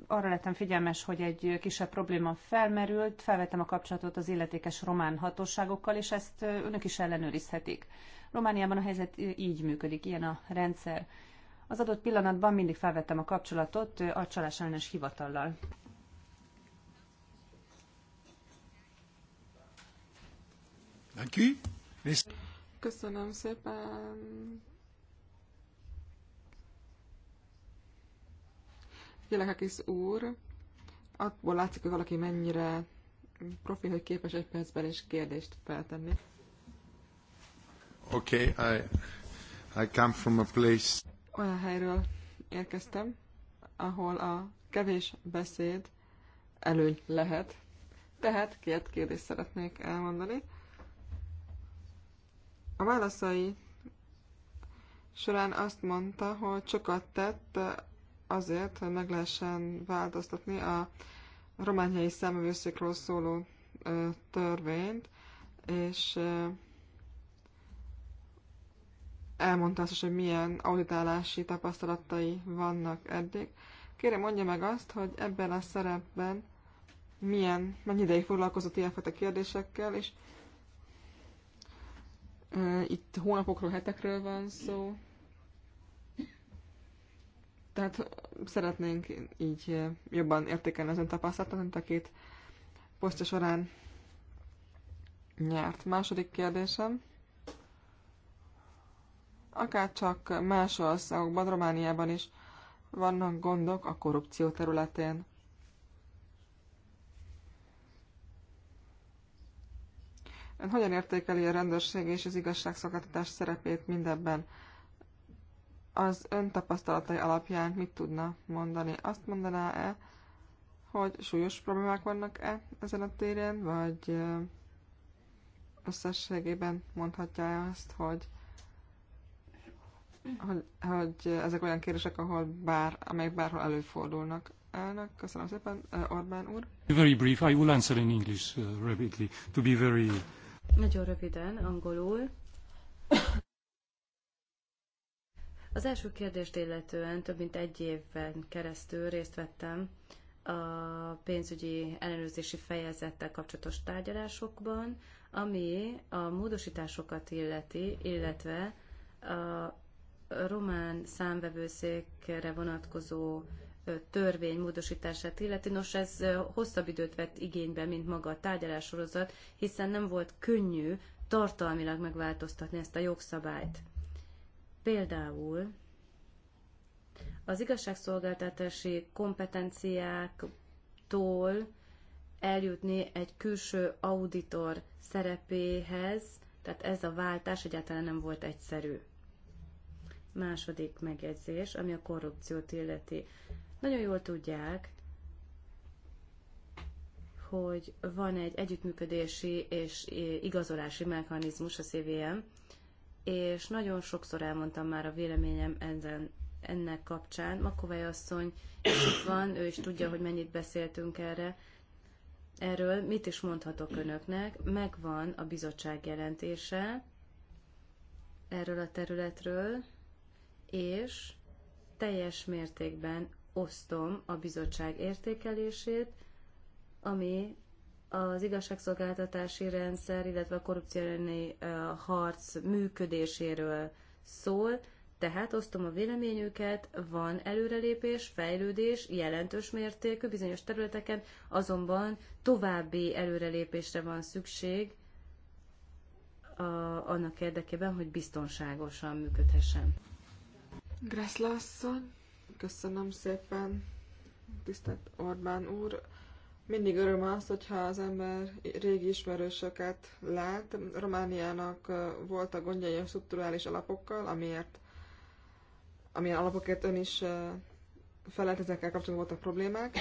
arra lettem figyelmes, hogy egy kisebb probléma felmerült, felvettem a kapcsolatot az illetékes román hatóságokkal, és ezt önök is ellenőrizhetik. Romániában a helyzet így működik, ilyen a rendszer. Az adott pillanatban mindig felvettem a kapcsolatot a csalás ellenes hivatallal. Köszönöm szépen. Kilakakis úr, abból látszik, hogy valaki mennyire profi, hogy képes egy percben is kérdést feltenni. Oké, okay, I, I come from a place... Olyan helyről érkeztem, ahol a kevés beszéd előny lehet. Tehát két kérdést szeretnék elmondani. A válaszai során azt mondta, hogy sokat tett azért, hogy meg lehessen változtatni a romániai szemvőszékről szóló törvényt, és elmondta azt is, hogy milyen auditálási tapasztalatai vannak eddig. Kérem, mondja meg azt, hogy ebben a szerepben milyen, mennyi ideig foglalkozott ilyenfajta kérdésekkel, és ö, itt hónapokról, hetekről van szó, tehát szeretnénk így jobban értékelni az ön tapasztalatot, a két posztja során nyert. Második kérdésem. Akárcsak más országokban, Romániában is vannak gondok a korrupció területén. Ön hogyan értékeli a rendőrség és az igazságszolgáltatás szerepét mindebben? az ön tapasztalatai alapján mit tudna mondani? Azt mondaná-e, hogy súlyos problémák vannak-e ezen a téren, vagy összességében mondhatja azt, hogy, hogy, hogy ezek olyan kérdések, ahol bár, amelyek bárhol előfordulnak. Elnök, köszönöm szépen, Orbán úr. Very brief, I will answer in English uh, rapidly, to be very... Nagyon röviden, angolul Az első kérdést illetően több mint egy évben keresztül részt vettem a pénzügyi ellenőrzési fejezettel kapcsolatos tárgyalásokban, ami a módosításokat illeti, illetve a román számvevőszékre vonatkozó törvény módosítását illeti. Nos, ez hosszabb időt vett igénybe, mint maga a tárgyalássorozat, hiszen nem volt könnyű tartalmilag megváltoztatni ezt a jogszabályt. Például az igazságszolgáltatási kompetenciáktól eljutni egy külső auditor szerepéhez, tehát ez a váltás egyáltalán nem volt egyszerű. Második megjegyzés, ami a korrupciót illeti. Nagyon jól tudják, hogy van egy együttműködési és igazolási mechanizmus a CVM, és nagyon sokszor elmondtam már a véleményem ezen, ennek kapcsán. Makovály asszony is itt van, ő is tudja, hogy mennyit beszéltünk erre. Erről mit is mondhatok önöknek? Megvan a bizottság jelentése erről a területről, és teljes mértékben osztom a bizottság értékelését, ami az igazságszolgáltatási rendszer, illetve a korrupció harc működéséről szól, tehát osztom a véleményüket, van előrelépés, fejlődés, jelentős mértékű bizonyos területeken, azonban további előrelépésre van szükség a, annak érdekében, hogy biztonságosan működhessen. Grászlasszony, köszönöm szépen, tisztelt Orbán úr. Mindig öröm az, hogyha az ember régi ismerősöket lát. Romániának volt a gondjai a strukturális alapokkal, amiért, amilyen alapokért ön is felelt, ezekkel kapcsolatban voltak problémák.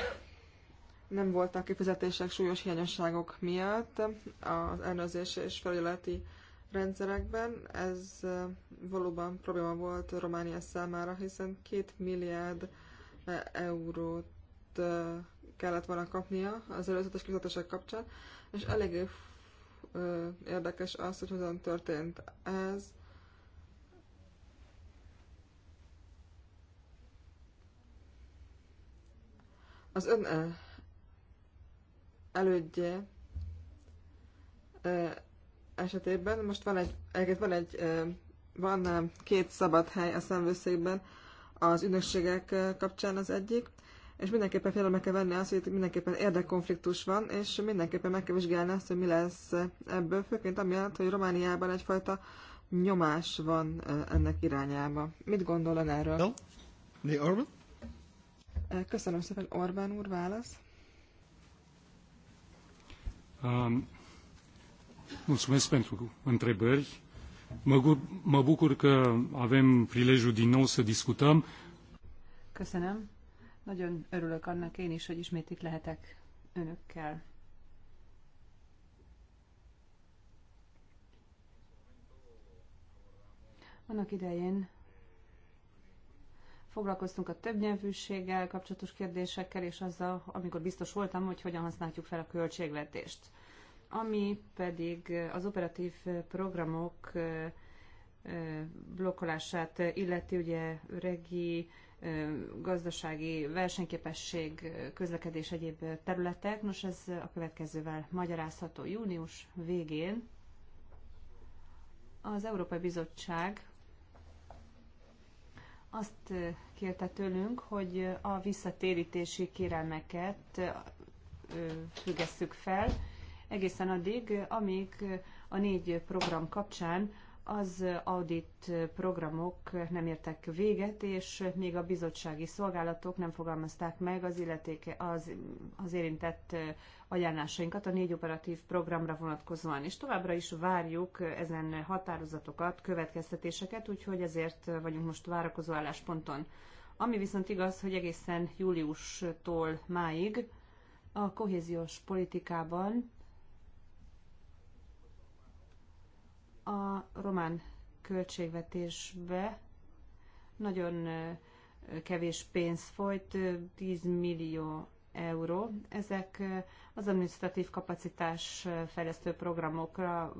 Nem voltak kifizetések súlyos hiányosságok miatt az ellenőrzés és felügyeleti rendszerekben. Ez valóban probléma volt Románia számára, hiszen két milliárd eurót kellett volna kapnia az előzetes kifizetések kapcsán, és eléggé érdekes az, hogy hogyan történt ez. Az ön elődje esetében most van egy, egyébként van egy van két szabad hely a szemvőszékben az ügynökségek kapcsán az egyik, és mindenképpen figyelembe kell venni azt, hogy itt mindenképpen érdekkonfliktus van, és mindenképpen meg kell vizsgálni azt, hogy mi lesz ebből, főként amiatt, hogy Romániában egyfajta nyomás van ennek irányába. Mit gondol ön erről? No? The Orban? Köszönöm szépen, Orbán úr, válasz. Um, mulțumesc pentru întrebări. Mă, mă bucur că avem prilejul din nou să discutăm. Köszönöm. Nagyon örülök annak én is, hogy ismét itt lehetek önökkel. Annak idején foglalkoztunk a többnyelvűséggel, kapcsolatos kérdésekkel, és azzal, amikor biztos voltam, hogy hogyan használjuk fel a költségvetést. Ami pedig az operatív programok blokkolását illeti, ugye regi, gazdasági versenyképesség, közlekedés egyéb területek. Nos, ez a következővel magyarázható. Június végén az Európai Bizottság azt kérte tőlünk, hogy a visszatérítési kérelmeket függesszük fel egészen addig, amíg a négy program kapcsán az audit programok nem értek véget, és még a bizottsági szolgálatok nem fogalmazták meg az, illetéke, az, az érintett ajánlásainkat a négy operatív programra vonatkozóan. És továbbra is várjuk ezen határozatokat, következtetéseket, úgyhogy ezért vagyunk most várakozó állásponton. Ami viszont igaz, hogy egészen júliustól máig a kohéziós politikában a román költségvetésbe nagyon kevés pénz folyt, 10 millió euró. Ezek az administratív kapacitás fejlesztő programokra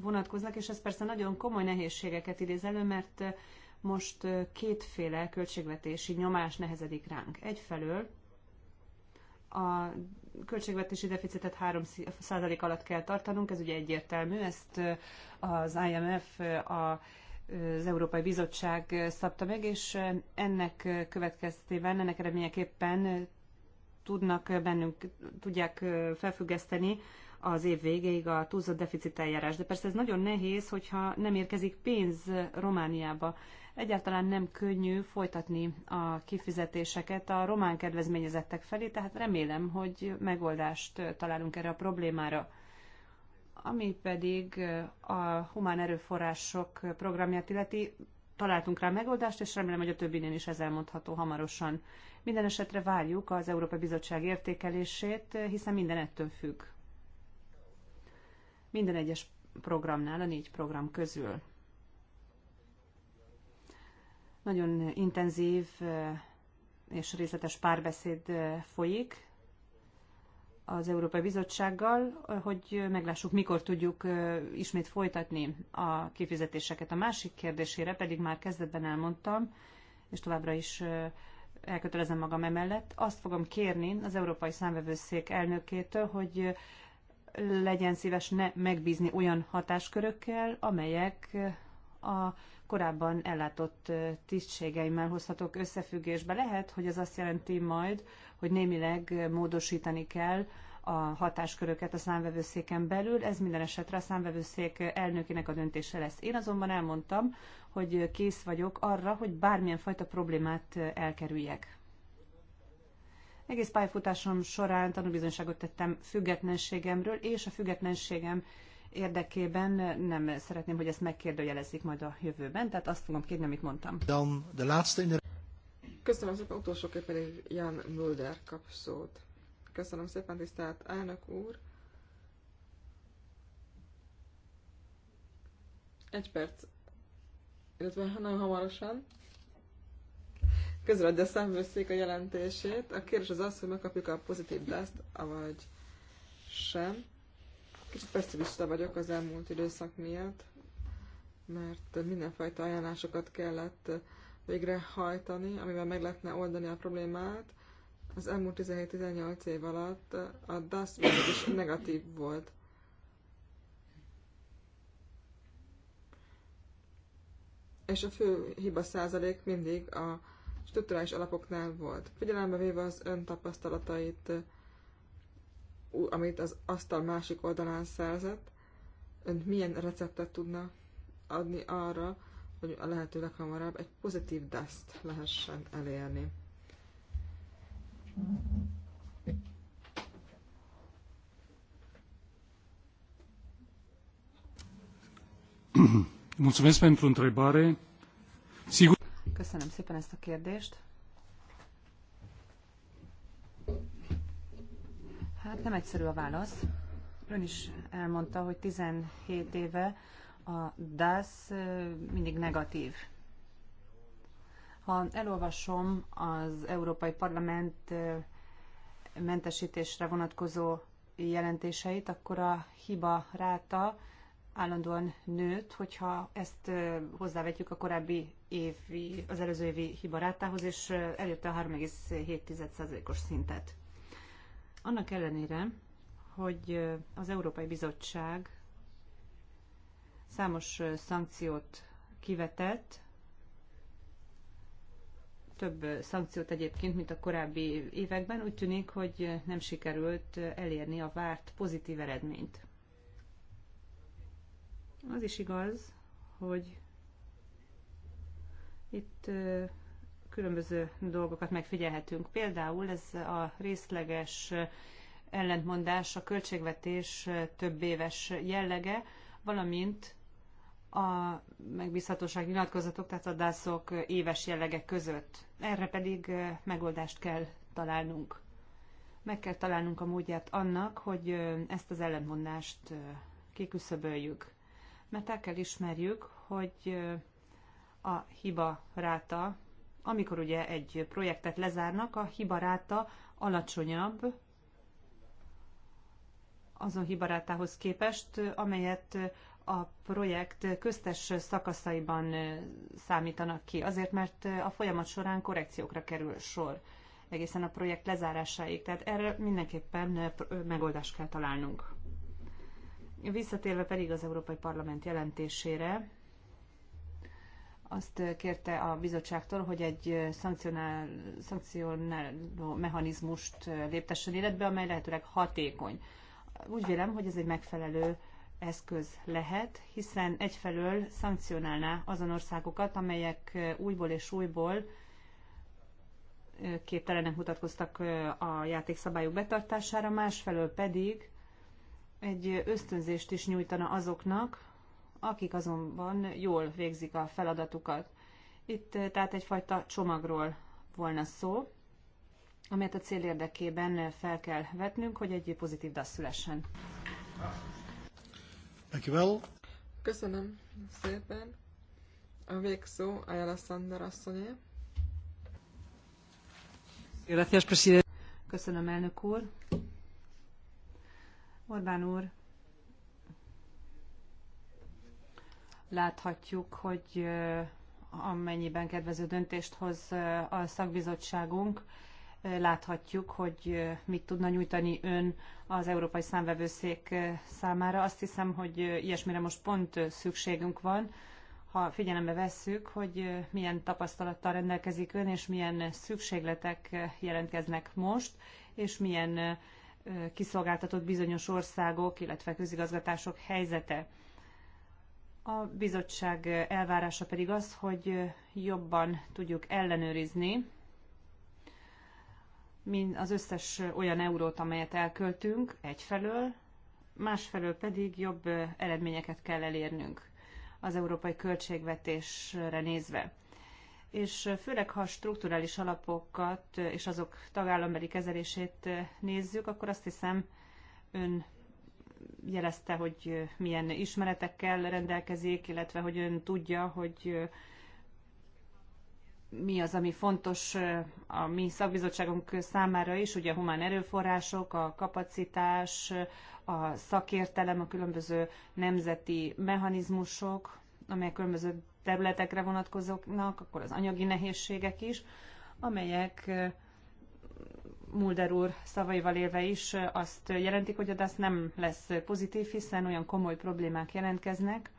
vonatkoznak, és ez persze nagyon komoly nehézségeket idéz elő, mert most kétféle költségvetési nyomás nehezedik ránk. Egyfelől a költségvetési deficitet 3% alatt kell tartanunk, ez ugye egyértelmű, ezt az IMF, a, az Európai Bizottság szabta meg, és ennek következtében, ennek eredményeképpen tudnak bennünk, tudják felfüggeszteni az év végéig a túlzott deficit eljárás. De persze ez nagyon nehéz, hogyha nem érkezik pénz Romániába egyáltalán nem könnyű folytatni a kifizetéseket a román kedvezményezettek felé, tehát remélem, hogy megoldást találunk erre a problémára. Ami pedig a humán erőforrások programját illeti, találtunk rá megoldást, és remélem, hogy a többinél is ez elmondható hamarosan. Minden esetre várjuk az Európai Bizottság értékelését, hiszen minden ettől függ. Minden egyes programnál, a négy program közül. Nagyon intenzív és részletes párbeszéd folyik az Európai Bizottsággal, hogy meglássuk, mikor tudjuk ismét folytatni a kifizetéseket. A másik kérdésére pedig már kezdetben elmondtam, és továbbra is elkötelezem magam emellett. Azt fogom kérni az Európai Számvevőszék elnökétől, hogy legyen szíves ne megbízni olyan hatáskörökkel, amelyek a korábban ellátott tisztségeimmel hozhatok összefüggésbe. Lehet, hogy ez azt jelenti majd, hogy némileg módosítani kell a hatásköröket a számvevőszéken belül, ez minden esetre a számvevőszék elnökének a döntése lesz. Én azonban elmondtam, hogy kész vagyok arra, hogy bármilyen fajta problémát elkerüljek. Egész pályafutásom során tanúbizonyságot tettem függetlenségemről, és a függetlenségem érdekében nem szeretném, hogy ezt megkérdőjelezzék majd a jövőben, tehát azt fogom kérni, amit mondtam. Köszönöm szépen, utolsóképp pedig Jan Mulder kap szót. Köszönöm szépen, tisztelt elnök úr. Egy perc, illetve nagyon hamarosan. Közreadja adja számvőszék a jelentését. A kérdés az az, hogy megkapjuk a pozitív dászt, avagy sem. Kicsit pessimista vagyok az elmúlt időszak miatt, mert mindenfajta ajánlásokat kellett végrehajtani, amivel meg lehetne oldani a problémát. Az elmúlt 17-18 év alatt a DASZ is negatív volt. És a fő hiba százalék mindig a strukturális alapoknál volt. Figyelembe véve az ön tapasztalatait, amit az asztal másik oldalán szerzett, ön milyen receptet tudna adni arra, hogy a lehető leghamarabb egy pozitív dust lehessen elérni. Mulțumesc pentru întrebare. Sigur... Köszönöm szépen ezt a kérdést. Hát nem egyszerű a válasz. Ön is elmondta, hogy 17 éve a DASZ mindig negatív. Ha elolvasom az Európai Parlament mentesítésre vonatkozó jelentéseit, akkor a hiba ráta állandóan nőtt, hogyha ezt hozzávetjük a korábbi évi, az előző évi hibarátához, és elérte a 3,7%-os szintet. Annak ellenére, hogy az Európai Bizottság számos szankciót kivetett, több szankciót egyébként, mint a korábbi években, úgy tűnik, hogy nem sikerült elérni a várt pozitív eredményt. Az is igaz, hogy itt különböző dolgokat megfigyelhetünk. Például ez a részleges ellentmondás a költségvetés több éves jellege, valamint a megbízhatóság nyilatkozatok, tehát a dászok éves jellege között. Erre pedig megoldást kell találnunk. Meg kell találnunk a módját annak, hogy ezt az ellentmondást kiküszöböljük. Mert el kell ismerjük, hogy a hiba ráta amikor ugye egy projektet lezárnak, a hibaráta alacsonyabb azon hibarátához képest, amelyet a projekt köztes szakaszaiban számítanak ki, azért mert a folyamat során korrekciókra kerül sor egészen a projekt lezárásáig. Tehát erre mindenképpen megoldást kell találnunk. Visszatérve pedig az Európai Parlament jelentésére, azt kérte a bizottságtól, hogy egy szankcionál, szankcionáló mechanizmust léptessen életbe, amely lehetőleg hatékony. Úgy vélem, hogy ez egy megfelelő eszköz lehet, hiszen egyfelől szankcionálná azon országokat, amelyek újból és újból képtelenek mutatkoztak a játékszabályok betartására, másfelől pedig egy ösztönzést is nyújtana azoknak, akik azonban jól végzik a feladatukat. Itt tehát egyfajta csomagról volna szó, amelyet a cél érdekében fel kell vetnünk, hogy egy pozitív DASZ szülessen. Köszönöm szépen. A végszó Ayala Sander asszonyé. Köszönöm, elnök úr. Orbán úr, Láthatjuk, hogy amennyiben kedvező döntést hoz a szakbizottságunk, láthatjuk, hogy mit tudna nyújtani ön az Európai Számvevőszék számára. Azt hiszem, hogy ilyesmire most pont szükségünk van, ha figyelembe vesszük, hogy milyen tapasztalattal rendelkezik ön, és milyen szükségletek jelentkeznek most, és milyen kiszolgáltatott bizonyos országok, illetve közigazgatások helyzete. A bizottság elvárása pedig az, hogy jobban tudjuk ellenőrizni mint az összes olyan eurót, amelyet elköltünk egyfelől, másfelől pedig jobb eredményeket kell elérnünk az európai költségvetésre nézve. És főleg, ha a strukturális alapokat és azok tagállambeli kezelését nézzük, akkor azt hiszem ön jelezte, hogy milyen ismeretekkel rendelkezik, illetve hogy ön tudja, hogy mi az, ami fontos a mi szakbizottságunk számára is, ugye a humán erőforrások, a kapacitás, a szakértelem, a különböző nemzeti mechanizmusok, amelyek különböző területekre vonatkoznak, akkor az anyagi nehézségek is, amelyek Mulder úr szavaival élve is azt jelentik, hogy a DASZ nem lesz pozitív, hiszen olyan komoly problémák jelentkeznek,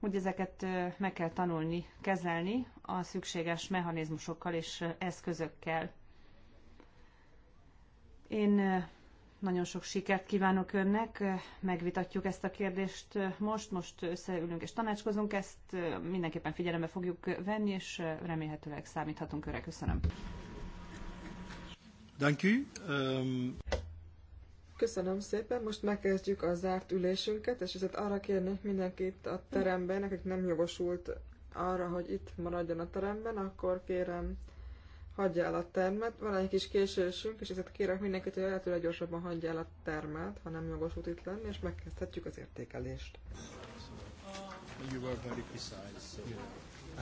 hogy ezeket meg kell tanulni, kezelni a szükséges mechanizmusokkal és eszközökkel. Én nagyon sok sikert kívánok önnek, megvitatjuk ezt a kérdést most, most összeülünk és tanácskozunk, ezt mindenképpen figyelembe fogjuk venni, és remélhetőleg számíthatunk öre. Köszönöm. Um... Köszönöm szépen, most megkezdjük a zárt ülésünket, és ezért arra kérnék mindenkit a teremben, akik nem jogosult arra, hogy itt maradjon a teremben, akkor kérem, hagyja el a termet. Van egy kis késősünk, és ezért kérek mindenkit, hogy lehetőleg gyorsabban hagyja el a termet, ha nem jogosult itt lenni, és megkezdhetjük az értékelést. You were very precise. So yeah.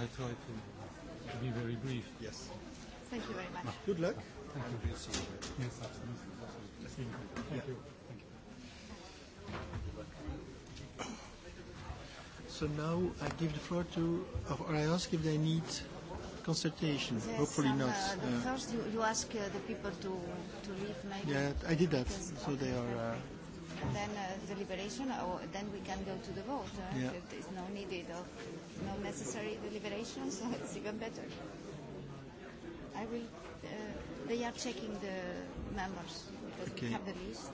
I try to be very brief. Yes. Thank you very much. Good luck. Thank you. Yes, absolutely. Thank you. Thank you. So now I give the floor to, or I ask if they need consultation. Yes, Hopefully some, not. Uh, uh, First, you, you ask uh, the people to, to leave, maybe. Yeah, I did that. Yes. So okay. they are. Uh, and then uh, deliberation, or then we can go to the vote. Uh, yeah. There is no needed of no necessary deliberation, so it's even better. I will. Uh, They are checking the members because okay. we have the list.